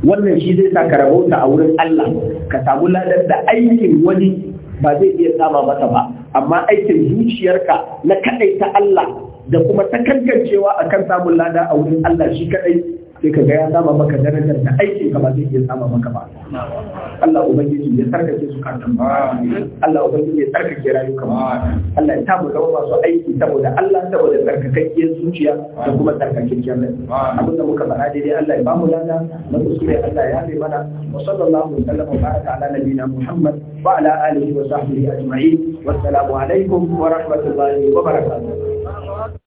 wannan shi zai sa ka ta a wurin Allah ka samu ladar da aikin wani ba zai iya sama masa ba amma aikin zuciyarka na kadai ta Allah da kuma ta kankancewa akan samun lada a wurin Allah shi kadai sai ka ga ya sama maka darajar da aikin ka zai iya sama maka ba Allah ubangiji ya sarkake su kan Allah ubangiji ya sarkake rayuka Allah ya mu zama masu aiki saboda Allah saboda sarkakakkiyar zuciya da kuma sarkakakkiyar rai abin da muka fara daidai Allah ya bamu lada na kuskure Allah ya yafe mana wa sallallahu alaihi wa baraka ala nabiyina Muhammad wa ala alihi wa sahbihi ajma'in wassalamu alaikum wa rahmatullahi wa barakatuh